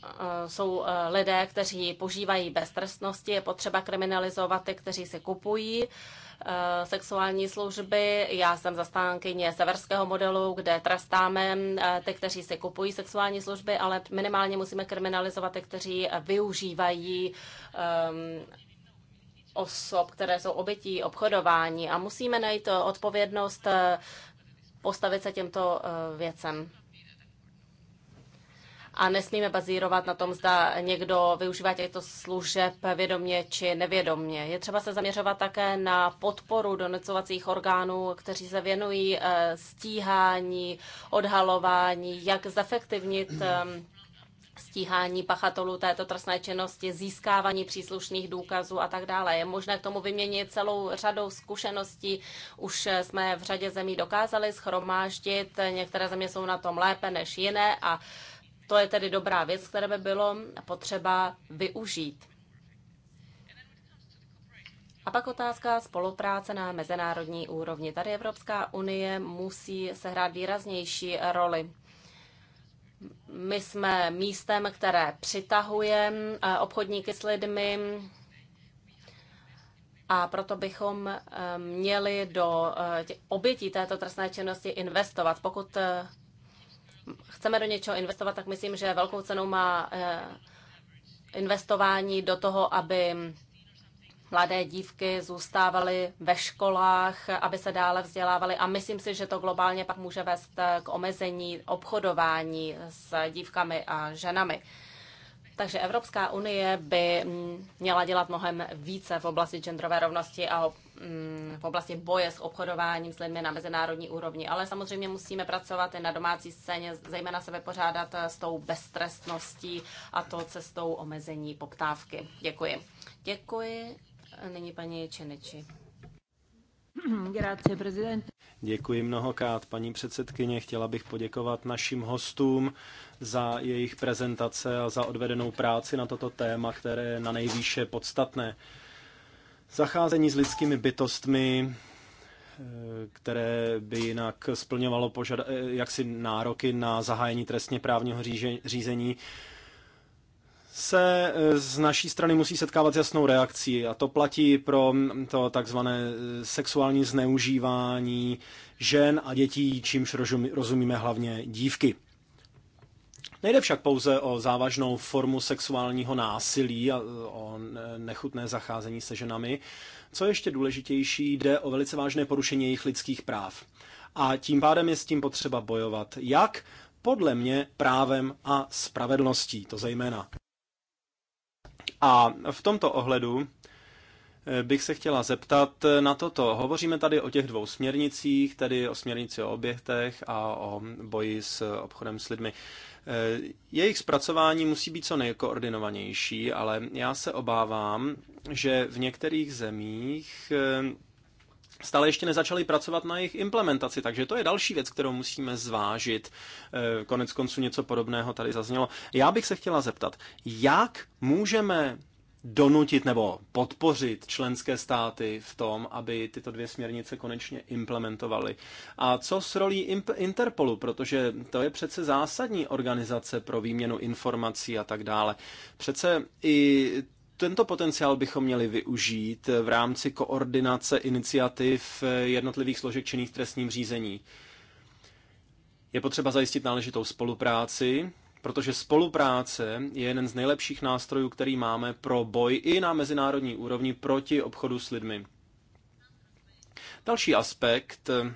eh, jsou eh, lidé, kteří požívají beztrestnosti, je potřeba kriminalizovat ty, kteří si kupují eh, sexuální služby. Já jsem zastánkyně severského modelu, kde trestáme ty, kteří si kupují sexuální služby, ale minimálně musíme kriminalizovat ty, kteří využívají um, osob, které jsou obětí obchodování a musíme najít odpovědnost postavit se těmto eh, věcem. A nesmíme bazírovat na tom, zda někdo využívá těchto služeb vědomě či nevědomě. Je třeba se zaměřovat také na podporu donocovacích orgánů, kteří se věnují eh, stíhání, odhalování, jak zefektivnit ehm, stíhání pachatelů této trestné činnosti, získávání příslušných důkazů a tak dále. Je možné k tomu vyměnit celou řadou zkušeností. Už jsme v řadě zemí dokázali schromáždit, některé země jsou na tom lépe než jiné a to je tedy dobrá věc, které by bylo potřeba využít. A pak otázka spolupráce na mezinárodní úrovni. Tady Evropská unie musí sehrát výraznější roli. My jsme místem, které přitahuje eh, obchodníky s lidmi a proto bychom eh, měli do eh, obětí této trestné činnosti investovat. Pokud chceme do něčeho investovat, tak myslím, že velkou cenu má investování do toho, aby mladé dívky zůstávaly ve školách, aby se dále vzdělávaly a myslím si, že to globálně pak může vést k omezení obchodování s dívkami a ženami. Takže Evropská unie by mm, měla dělat mnohem více v oblasti genderové rovnosti a mm, v oblasti boje s obchodováním s lidmi na mezinárodní úrovni. Ale samozřejmě musíme pracovat i na domácí scéně, zejména se vypořádat s tou beztrestností a to cestou omezení poptávky. Děkuji. Děkuji Nyní paní Čeneči. Děkuji mnohokrát, paní předsedkyně. Chtěla bych poděkovat našim hostům za jejich prezentace a za odvedenou práci na toto téma, které je na nejvýše podstatné. Zacházení s lidskými bytostmi, eh, které by jinak splňovalo požada- eh, jaksi nároky na zahájení trestně právního řízení, se eh, z naší strany musí setkávat s jasnou reakcí a to platí pro mm, to takzvané eh, sexuální zneužívání žen a dětí, čímž rozumíme hlavně dívky. Nejde však pouze o závažnou formu sexuálního násilí a eh, o nechutné zacházení se ženami. Co je ještě důležitější, jde o velice vážné porušení jejich lidských práv. A tím pádem je s tím potřeba bojovat. Jak? Podle mě právem a spravedlností, to zejména. A v tomto ohledu eh, bych se chtěla zeptat na toto. Hovoříme tady o těch dvou směrnicích, tedy o směrnici o objektech a o boji s obchodem s lidmi. Eh, jejich zpracování musí být co nejkoordinovanější, ale já se obávám, že v některých zemích eh, stále ještě nezačali pracovat na jejich implementaci, takže to je další věc, kterou musíme zvážit. E, konec konců něco podobného tady zaznělo. Já bych se chtěla zeptat, jak můžeme donutit nebo podpořit členské státy v tom, aby tyto dvě směrnice konečně implementovaly. A co s rolí Interpolu, protože to je přece zásadní organizace pro výměnu informací a tak dále. Přece i tento potenciál bychom měli využít eh, v rámci koordinace iniciativ eh, jednotlivých složek činných v trestním řízení. Je potřeba zajistit náležitou spolupráci, protože spolupráce je jeden z nejlepších nástrojů, který máme pro boj i na mezinárodní úrovni proti obchodu s lidmi. Další aspekt, eh,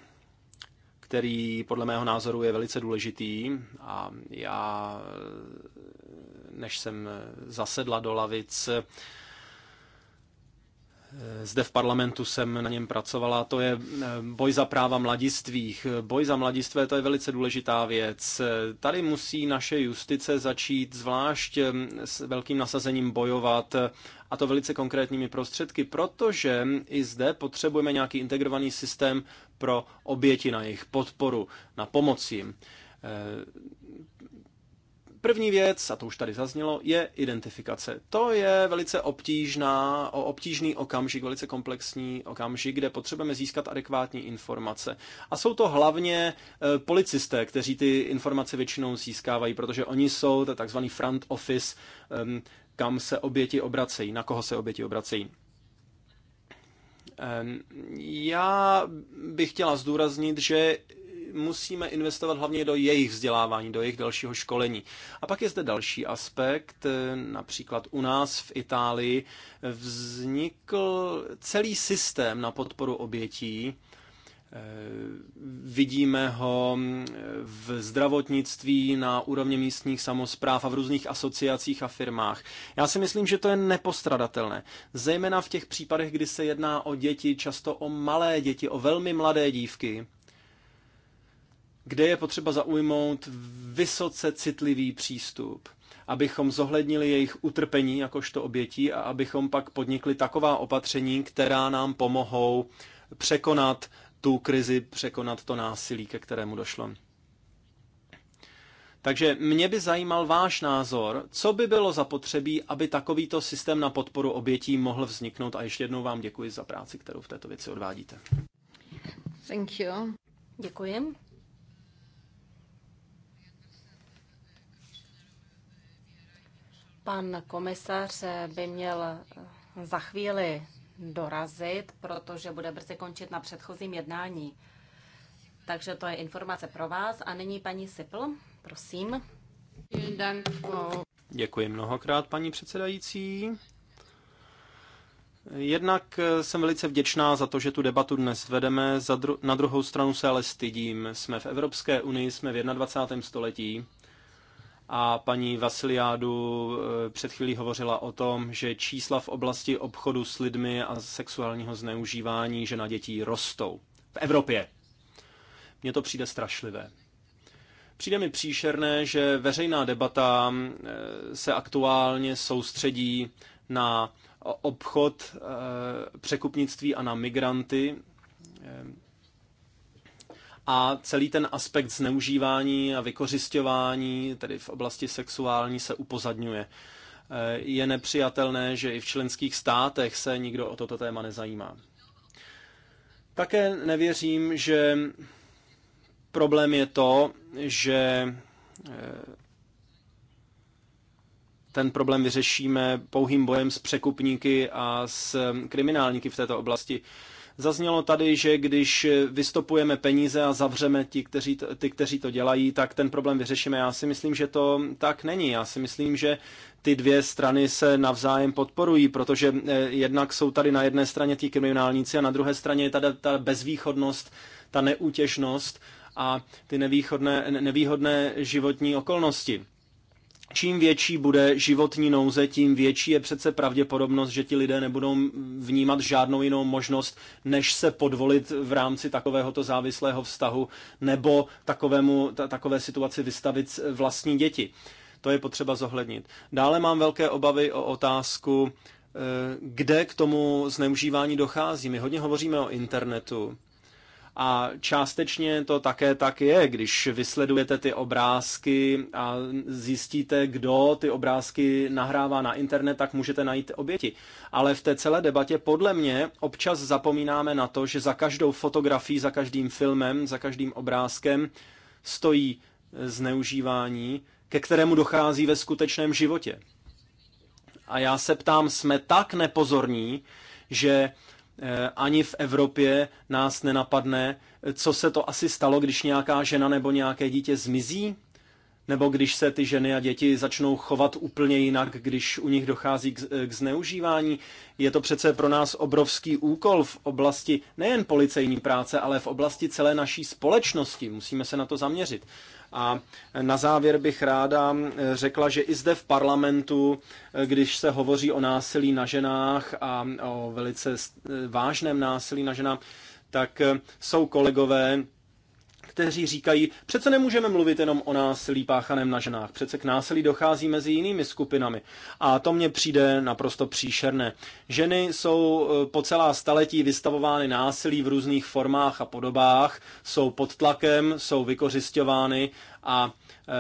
který podle mého názoru je velice důležitý a já než jsem eh, zasedla do lavic. Eh, zde v parlamentu jsem na něm pracovala. To je eh, boj za práva mladistvých. Boj za mladistvé to je velice důležitá věc. Tady musí naše justice začít zvlášť s velkým nasazením bojovat a to velice konkrétními prostředky, protože i zde potřebujeme nějaký integrovaný systém pro oběti na jejich podporu, na pomoc jim. První věc, a to už tady zaznělo, je identifikace. To je velice obtížná, obtížný okamžik, velice komplexní okamžik, kde potřebujeme získat adekvátní informace. A jsou to hlavně e, policisté, kteří ty informace většinou získávají, protože oni jsou to takzvaný front office, kam se oběti obracejí, na koho se oběti obracejí. Já bych chtěla zdůraznit, že musíme investovat hlavně do jejich vzdělávání, do jejich dalšího školení. A pak je zde další aspekt, například u nás v Itálii vznikl celý systém na podporu obětí, eh, Vidíme ho eh, v zdravotnictví, na úrovni místních samozpráv a v různých asociacích a firmách. Já si myslím, že to je nepostradatelné. Zejména v těch případech, kdy se jedná o děti, často o malé děti, o velmi mladé dívky, kde je potřeba zaujmout vysoce citlivý přístup, abychom zohlednili jejich utrpení jakožto obětí a abychom pak podnikli taková opatření, která nám pomohou překonat tu krizi, překonat to násilí, ke kterému došlo. Takže mě by zajímal váš názor, co by bylo zapotřebí, aby takovýto systém na podporu obětí mohl vzniknout. A ještě jednou vám děkuji za práci, kterou v této věci odvádíte. Thank you. Děkuji. Pan komisař by měl za chvíli dorazit, protože bude brzy končit na předchozím jednání. Takže to je informace pro vás. A nyní paní Sipl, prosím. Děkuji mnohokrát, paní předsedající. Jednak jsem velice vděčná za to, že tu debatu dnes vedeme, na druhou stranu se ale stydím. Jsme v Evropské unii, jsme v 21. století a paní Vasiliádu eh, před chvílí hovořila o tom, že čísla v oblasti obchodu s lidmi a sexuálního zneužívání že na dětí rostou. V Evropě. Mně to přijde strašlivé. Přijde mi příšerné, že veřejná debata eh, se aktuálně soustředí na obchod, eh, překupnictví a na migranty a celý ten aspekt zneužívání a vykořišťování, tedy v oblasti sexuální, se upozadňuje. Eh, je nepřijatelné, že i v členských státech se nikdo o toto téma nezajímá. Také nevěřím, že problém je to, že eh, ten problém vyřešíme pouhým bojem s překupníky a s um, kriminálníky v této oblasti. Zaznělo tady, že když vystopujeme peníze a zavřeme ti, kteří, ty, kteří to dělají, tak ten problém vyřešíme. Já si myslím, že to tak není. Já si myslím, že ty dvě strany se navzájem podporují, protože eh, jednak jsou tady na jedné straně ti kriminálníci a na druhé straně je tady ta bezvýchodnost, ta neútěšnost a ty nevýhodné, nevýhodné životní okolnosti čím větší bude životní nouze, tím větší je přece pravděpodobnost, že ti lidé nebudou vnímat žádnou jinou možnost, než se podvolit v rámci takovéhoto závislého vztahu nebo takovému, ta, takové situaci vystavit vlastní děti. To je potřeba zohlednit. Dále mám velké obavy o otázku, eh, kde k tomu zneužívání dochází. My hodně hovoříme o internetu a částečně to také tak je, když vysledujete ty obrázky a zjistíte, kdo ty obrázky nahrává na internet, tak můžete najít oběti. Ale v té celé debatě podle mě občas zapomínáme na to, že za každou fotografií, za každým filmem, za každým obrázkem stojí zneužívání, ke kterému dochází ve skutečném životě. A já se ptám, jsme tak nepozorní, že Eh, ani v Evropě nás nenapadne, co se to asi stalo, když nějaká žena nebo nějaké dítě zmizí, nebo když se ty ženy a děti začnou chovat úplně jinak, když u nich dochází k, eh, k zneužívání. Je to přece pro nás obrovský úkol v oblasti nejen policejní práce, ale v oblasti celé naší společnosti. Musíme se na to zaměřit. A na závěr bych ráda řekla, že i zde v parlamentu, když se hovoří o násilí na ženách a o velice vážném násilí na ženách, tak jsou kolegové, kteří říkají, přece nemůžeme mluvit jenom o násilí páchaném na ženách, přece k násilí dochází mezi jinými skupinami. A to mně přijde naprosto příšerné. Ženy jsou e, po celá staletí vystavovány násilí v různých formách a podobách, jsou pod tlakem, jsou vykořišťovány a e,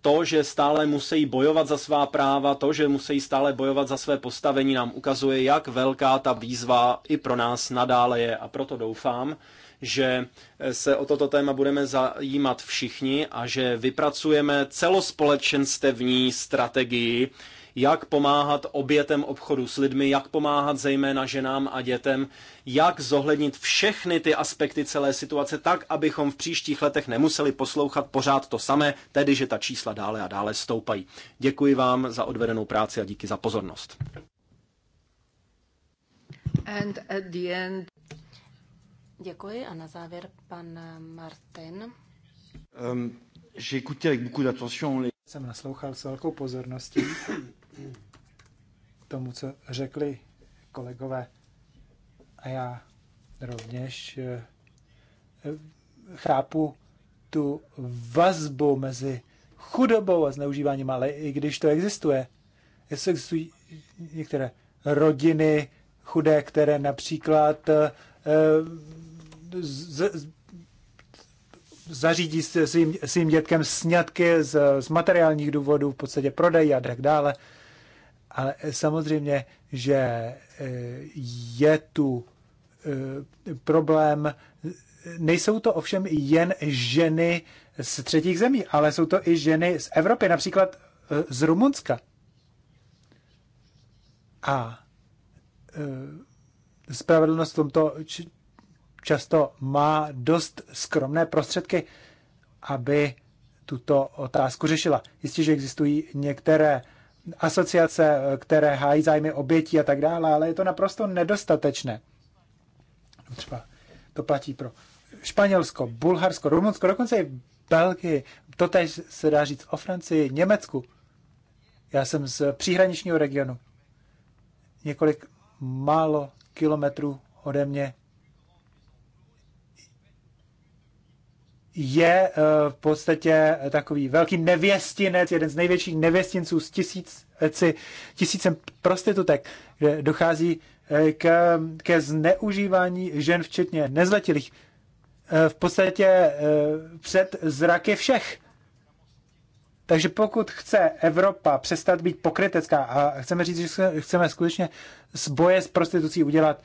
to, že stále musí bojovat za svá práva, to, že musí stále bojovat za své postavení, nám ukazuje, jak velká ta výzva i pro nás nadále je. A proto doufám, že eh, se o toto téma budeme zajímat všichni a že vypracujeme celospolečenstevní strategii, jak pomáhat obětem obchodu s lidmi, jak pomáhat zejména ženám a dětem, jak zohlednit všechny ty aspekty celé situace tak, abychom v příštích letech nemuseli poslouchat pořád to samé, tedy že ta čísla dále a dále stoupají. Děkuji vám za odvedenou práci a díky za pozornost. And at the end... Děkuji a na závěr pan Martin. Um, Jsem naslouchal s velkou pozorností k tomu, co řekli kolegové. A já rovněž eh, eh, chápu tu vazbu mezi chudobou a zneužíváním, ale i když to existuje, jestli existují některé rodiny chudé, které například eh, z, z, zařídí svým, svým dětkem sňatky z, z materiálních důvodů, v podstatě prodej a tak dále. Ale samozřejmě, že e, je tu e, problém. Nejsou to ovšem jen ženy z třetích zemí, ale jsou to i ženy z Evropy, například e, z Rumunska. A spravedlnost v tomto často má dost skromné prostředky, aby tuto otázku řešila. Jistě, že existují některé asociace, které hájí zájmy obětí a tak dále, ale je to naprosto nedostatečné. Třeba to platí pro Španělsko, Bulharsko, Rumunsko, dokonce i Belgii. To tež se dá říct o Francii, Německu. Já jsem z příhraničního regionu. Několik málo kilometrů ode mě je eh, v podstatě eh, takový velký nevěstinec, jeden z největších nevěstinců s tisíc, eh, tisícem prostitutek, kde dochází k, ke zneužívání žen, včetně nezletilých, v podstatě před zraky všech. Takže pokud chce Evropa přestat být pokrytecká a chceme říct, že chceme skutečně z boje s prostitucí udělat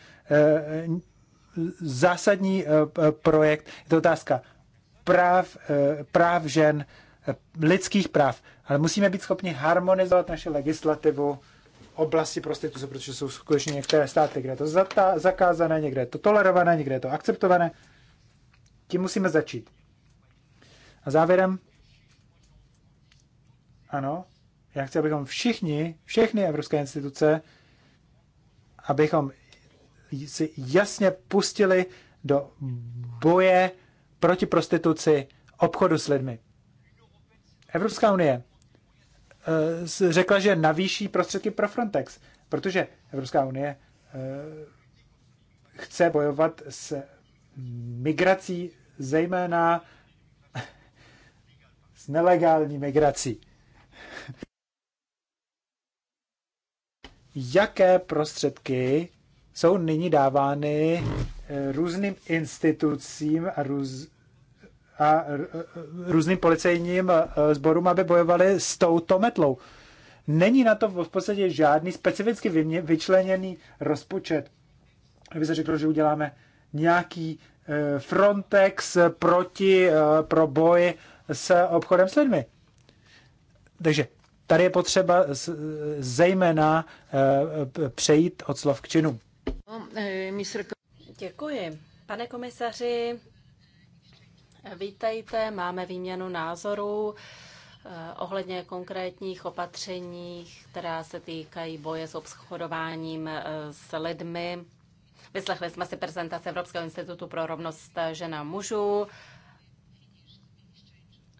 zásadní projekt, je to otázka práv, eh, práv žen, eh, lidských práv. Ale musíme být schopni harmonizovat naši legislativu v oblasti prostituce, protože jsou skutečně některé státy, kde je to zakázané, někde je to tolerované, někde je to akceptované. Tím musíme začít. A závěrem, ano, já chci, abychom všichni, všechny evropské instituce, abychom si jasně pustili do boje proti prostituci, obchodu s lidmi. Evropská unie eh, řekla, že navýší prostředky pro Frontex, protože Evropská unie eh, chce bojovat s migrací, zejména s nelegální migrací. Jaké prostředky jsou nyní dávány eh, různým institucím a růz, a e, e, různým policejním e, sborům, aby bojovali s touto metlou. Není na to v podstatě žádný specificky vyčleněný rozpočet. Aby se řeklo, že uděláme nějaký Frontex proti, pro boj s obchodem s lidmi. Takže tady je potřeba zejména přejít od slov k činu. No, Děkuji. Pane komisaři, Vítejte, máme výměnu názorů eh, ohledně konkrétních opatření, která se týkají boje s obschodováním eh, s lidmi. Vyslechli jsme si prezentaci Evropského institutu pro rovnost žen a mužů.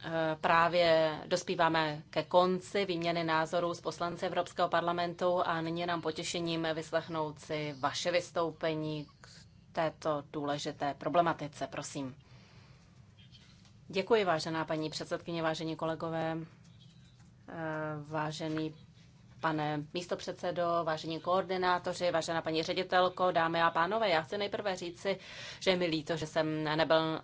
Eh, právě dospíváme ke konci výměny názorů s poslanci Evropského parlamentu a nyní nám potěšením vyslechnout si vaše vystoupení k této důležité problematice. Prosím. Děkuji, vážená paní předsedkyně, vážení kolegové, eh, vážený pane místopředsedo, vážení koordinátoři, vážená paní ředitelko, dámy a pánové, já chci nejprve říci, že je mi líto, že jsem nebyl eh,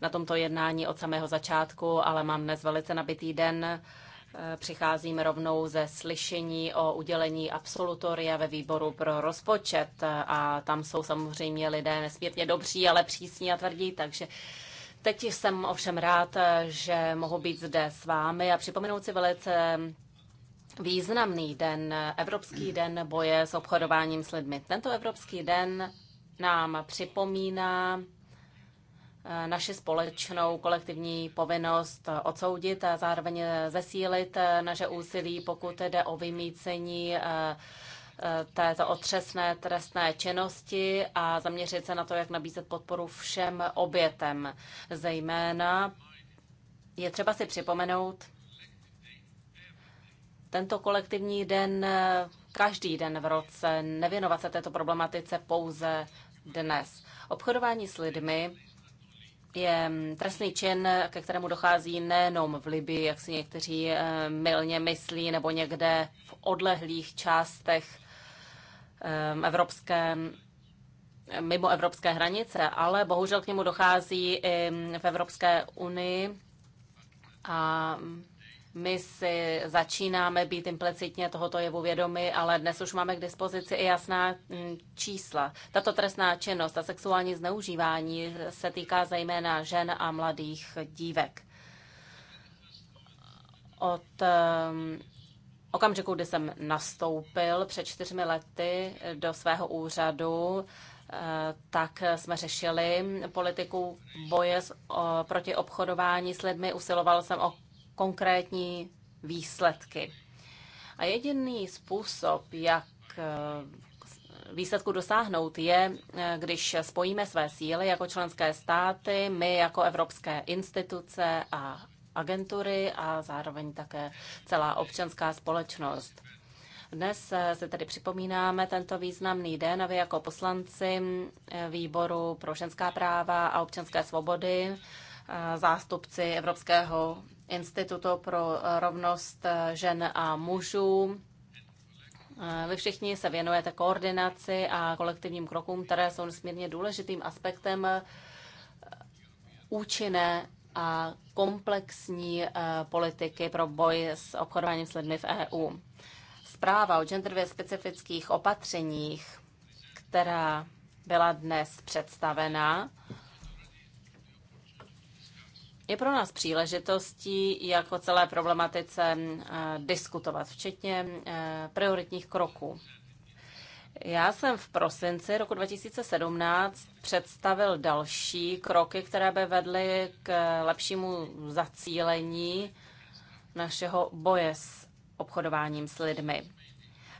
na tomto jednání od samého začátku, ale mám dnes velice nabitý den. Eh, přicházím rovnou ze slyšení o udělení absolutoria ve výboru pro rozpočet a tam jsou samozřejmě lidé nesmírně dobří, ale přísní a tvrdí, takže Teď jsem ovšem rád, že mohu být zde s vámi a připomenout si velice významný den, Evropský den boje s obchodováním s lidmi. Tento Evropský den nám připomíná eh, naši společnou kolektivní povinnost odsoudit a zároveň zesílit eh, naše úsilí, pokud jde o vymícení eh, Eh, této otřesné trestné činnosti a zaměřit se na to, jak nabízet podporu všem obětem. Zejména je třeba si připomenout tento kolektivní den eh, každý den v roce, nevěnovat se této problematice pouze dnes. Obchodování s lidmi je mm, trestný čin, ke kterému dochází nejenom v Libii, jak si někteří eh, mylně myslí, nebo někde v odlehlých částech Ehm, evropské mimo evropské hranice, ale bohužel k němu dochází i v Evropské unii a my si začínáme být implicitně tohoto jevu vědomi, ale dnes už máme k dispozici i jasná mm, čísla. Tato trestná činnost a sexuální zneužívání se týká zejména žen a mladých dívek. Od ehm, okamžiku, kdy jsem nastoupil před čtyřmi lety eh, do svého úřadu, eh, tak jsme řešili politiku boje proti obchodování s lidmi. Usiloval jsem o konkrétní výsledky. A jediný způsob, jak eh, výsledku dosáhnout, je, když spojíme své síly jako členské státy, my jako evropské instituce a agentury a zároveň také celá občanská společnost. Dnes se tedy připomínáme tento významný den a vy jako poslanci výboru pro ženská práva a občanské svobody, zástupci Evropského institutu pro rovnost žen a mužů, vy všichni se věnujete koordinaci a kolektivním krokům, které jsou nesmírně důležitým aspektem účinné a komplexní eh, politiky pro boj s obchodováním s lidmi v EU. Zpráva o genderově specifických opatřeních, která byla dnes představena, je pro nás příležitostí, jako celé problematice eh, diskutovat, včetně eh, prioritních kroků. Já jsem v prosinci roku 2017 představil další kroky, které by vedly k lepšímu zacílení našeho boje s obchodováním s lidmi.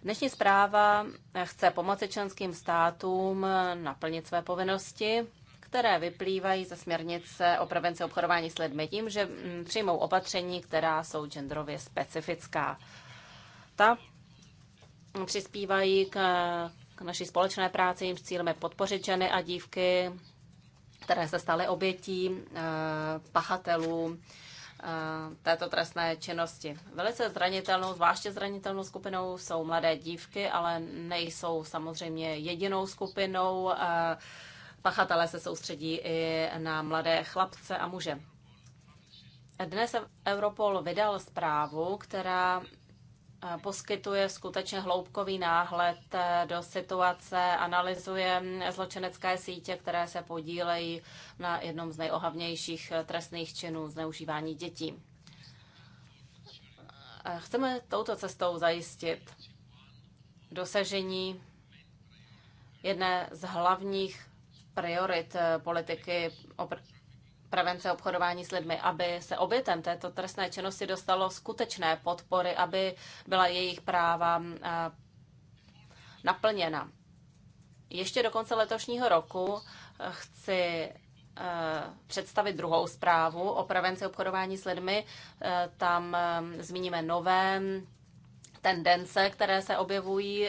Dnešní zpráva chce pomoci členským státům naplnit své povinnosti, které vyplývají ze směrnice o prevenci obchodování s lidmi tím, že mm, přijmou opatření, která jsou genderově specifická. Ta přispívají k, k naší společné práci. Jejím cílem je podpořit ženy a dívky, které se staly obětí eh, pachatelů eh, této trestné činnosti. Velice zranitelnou, zvláště zranitelnou skupinou jsou mladé dívky, ale nejsou samozřejmě jedinou skupinou. Eh, pachatelé se soustředí i na mladé chlapce a muže. Dnes Europol vydal zprávu, která poskytuje skutečně hloubkový náhled eh, do situace, analyzuje mm, zločenecké sítě, které se podílejí na jednom z nejohavnějších eh, trestných činů zneužívání dětí. Eh, chceme touto cestou zajistit dosažení jedné z hlavních priorit politiky prevence obchodování s lidmi, aby se obětem této trestné činnosti dostalo skutečné podpory, aby byla jejich práva eh, naplněna. Ještě do konce letošního roku eh, chci eh, představit druhou zprávu o prevenci obchodování s lidmi. Tam zmíníme nové tendence, které se objevují.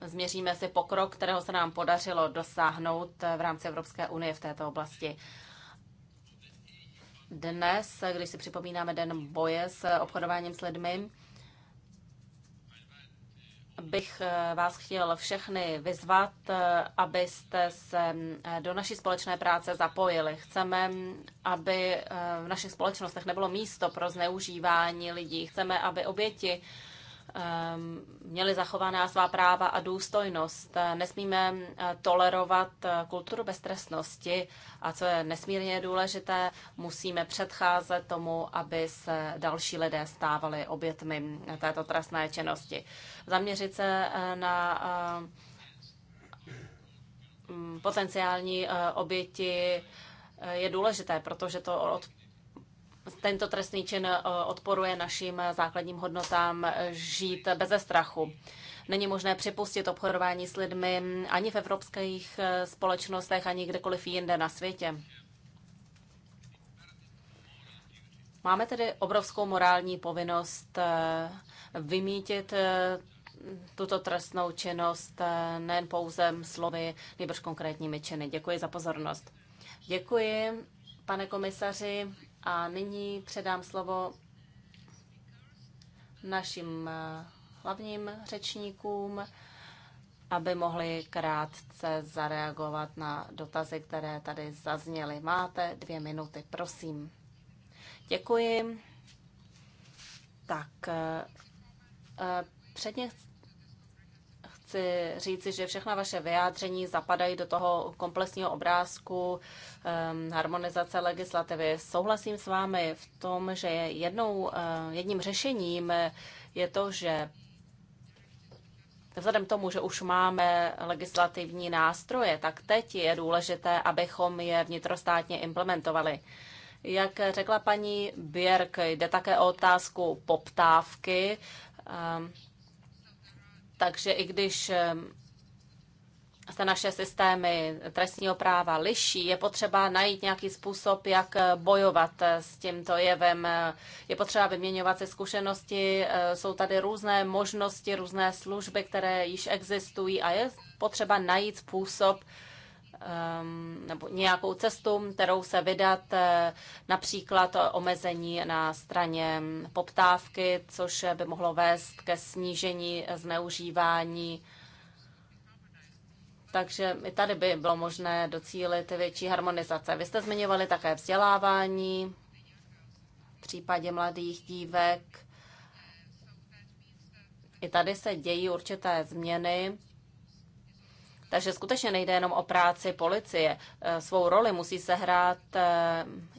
Změříme si pokrok, kterého se nám podařilo dosáhnout v rámci Evropské unie v této oblasti dnes, když si připomínáme den boje s obchodováním s lidmi, bych eh, vás chtěl všechny vyzvat, eh, abyste se eh, do naší společné práce zapojili. Chceme, aby v našich společnostech nebylo místo pro zneužívání lidí. Chceme, aby oběti Ehm, měli zachovaná svá práva a důstojnost. Nesmíme eh, tolerovat eh, kulturu beztrestnosti a co je nesmírně důležité, musíme předcházet tomu, aby se další lidé stávali obětmi této trestné činnosti. Zaměřit se eh, na potenciální oběti je důležité, protože to od tento trestný čin eh, odporuje našim základním hodnotám eh, žít beze strachu. Není možné připustit obchodování s lidmi ani v evropských eh, společnostech, ani kdekoliv jinde na světě. Máme tedy obrovskou morální povinnost vymítit tuto trestnou činnost nejen pouze slovy, nebož konkrétními činy. Děkuji za pozornost. Děkuji, pane komisaři. A nyní předám slovo našim eh, hlavním řečníkům, aby mohli krátce zareagovat na dotazy, které tady zazněly. Máte dvě minuty, prosím. Děkuji. Tak eh, eh, předně chci říci, že všechna vaše vyjádření zapadají do toho komplexního obrázku um, harmonizace legislativy. Souhlasím s vámi v tom, že jednou, uh, jedním řešením je to, že Vzhledem k tomu, že už máme legislativní nástroje, tak teď je důležité, abychom je vnitrostátně implementovali. Jak řekla paní Běrk, jde také o otázku poptávky. Um, takže i když se naše systémy trestního práva liší, je potřeba najít nějaký způsob, jak eh, bojovat eh, s tímto jevem. Eh, je potřeba vyměňovat se zkušenosti, jsou tady různé možnosti, různé služby, které již existují a je potřeba najít způsob, Um, nebo nějakou cestu, kterou se vydat, eh, například omezení na straně poptávky, což by mohlo vést ke snížení zneužívání. Takže i tady by bylo možné docílit větší harmonizace. Vy jste zmiňovali také vzdělávání v případě mladých dívek. I tady se dějí určité změny. Takže skutečně nejde jenom o práci policie. E, svou roli musí sehrát e,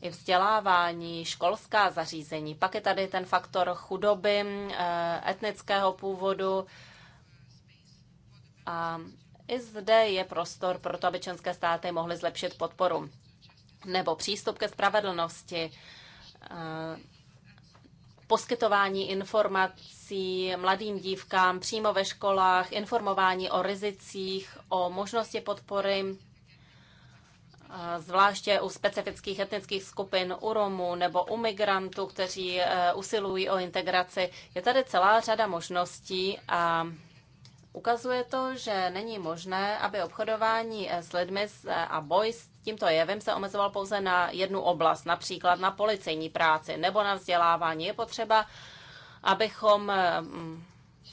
i vzdělávání, školská zařízení. Pak je tady ten faktor chudoby, e, etnického původu. A i zde je prostor pro to, aby členské státy mohly zlepšit podporu nebo přístup ke spravedlnosti poskytování informací mladým dívkám přímo ve školách, informování o rizicích, o možnosti podpory, zvláště u specifických etnických skupin, u Romů nebo u migrantů, kteří e, usilují o integraci. Je tady celá řada možností a ukazuje to, že není možné, aby obchodování e, s lidmi a boj s tímto jevem se omezoval pouze na jednu oblast, například na policejní práci nebo na vzdělávání. Je potřeba, abychom mm,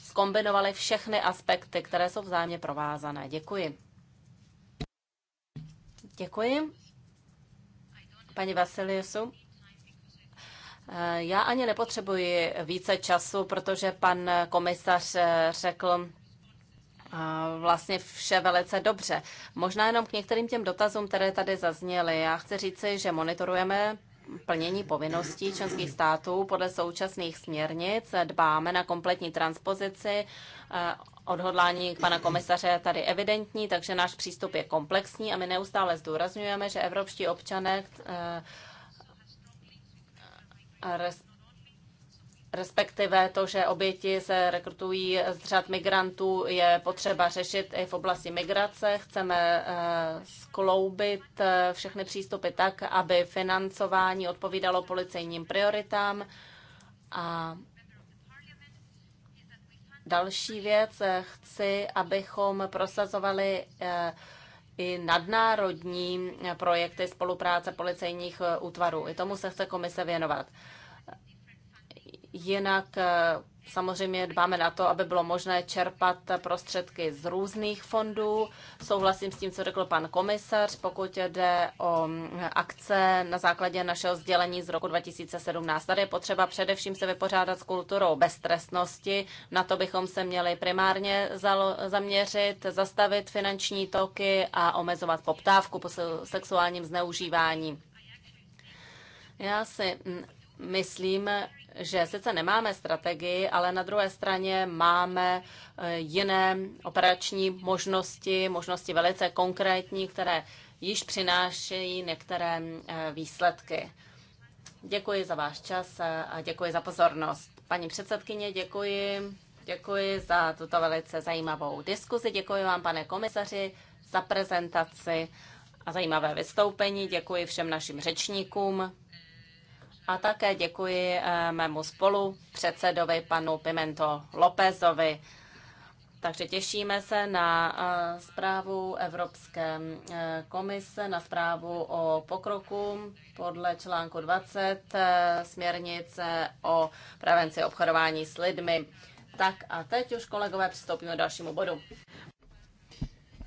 skombinovali všechny aspekty, které jsou vzájemně provázané. Děkuji. Děkuji. Paní Vasiliusu. Eh, já ani nepotřebuji více času, protože pan komisař eh, řekl vlastně vše velice dobře. Možná jenom k některým těm dotazům, které tady zazněly. Já chci říci, že monitorujeme plnění povinností členských států podle současných směrnic, dbáme na kompletní transpozici, eh, odhodlání pana komisaře je tady evidentní, takže náš přístup je komplexní a my neustále zdůrazňujeme, že evropští občané eh, respektive to, že oběti se rekrutují z řad migrantů, je potřeba řešit i v oblasti migrace. Chceme eh, skloubit eh, všechny přístupy tak, aby financování odpovídalo policejním prioritám. A další věc, eh, chci, abychom prosazovali i nadnárodní projekty spolupráce policejních útvarů. I tomu se chce komise věnovat. Jinak eh, samozřejmě dbáme na to, aby bylo možné čerpat prostředky z různých fondů. Souhlasím s tím, co řekl pan komisař, pokud jde o mm, akce na základě našeho sdělení z roku 2017. Tady je potřeba především se vypořádat s kulturou beztrestnosti. Na to bychom se měli primárně zaměřit, zastavit finanční toky a omezovat poptávku po sexuálním zneužívání. Já si mm, myslím, že sice nemáme strategii, ale na druhé straně máme eh, jiné operační možnosti, možnosti velice konkrétní, které již přinášejí některé eh, výsledky. Děkuji za váš čas eh, a děkuji za pozornost. Paní předsedkyně, děkuji. Děkuji za tuto velice zajímavou diskuzi. Děkuji vám, pane komisaři, za prezentaci a zajímavé vystoupení. Děkuji všem našim řečníkům. A také děkuji eh, mému spolu předsedovi panu Pimento Lópezovi. Takže těšíme se na eh, zprávu Evropské eh, komise, na zprávu o pokroku podle článku 20 směrnice o prevenci obchodování s lidmi. Tak a teď už kolegové přistoupíme k dalšímu bodu.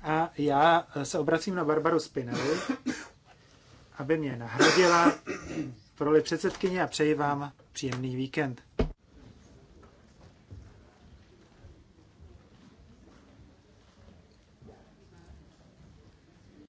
A já se obracím na Barbaru Spinelli, aby mě nahradila v roli předsedkyně a přeji vám příjemný víkend.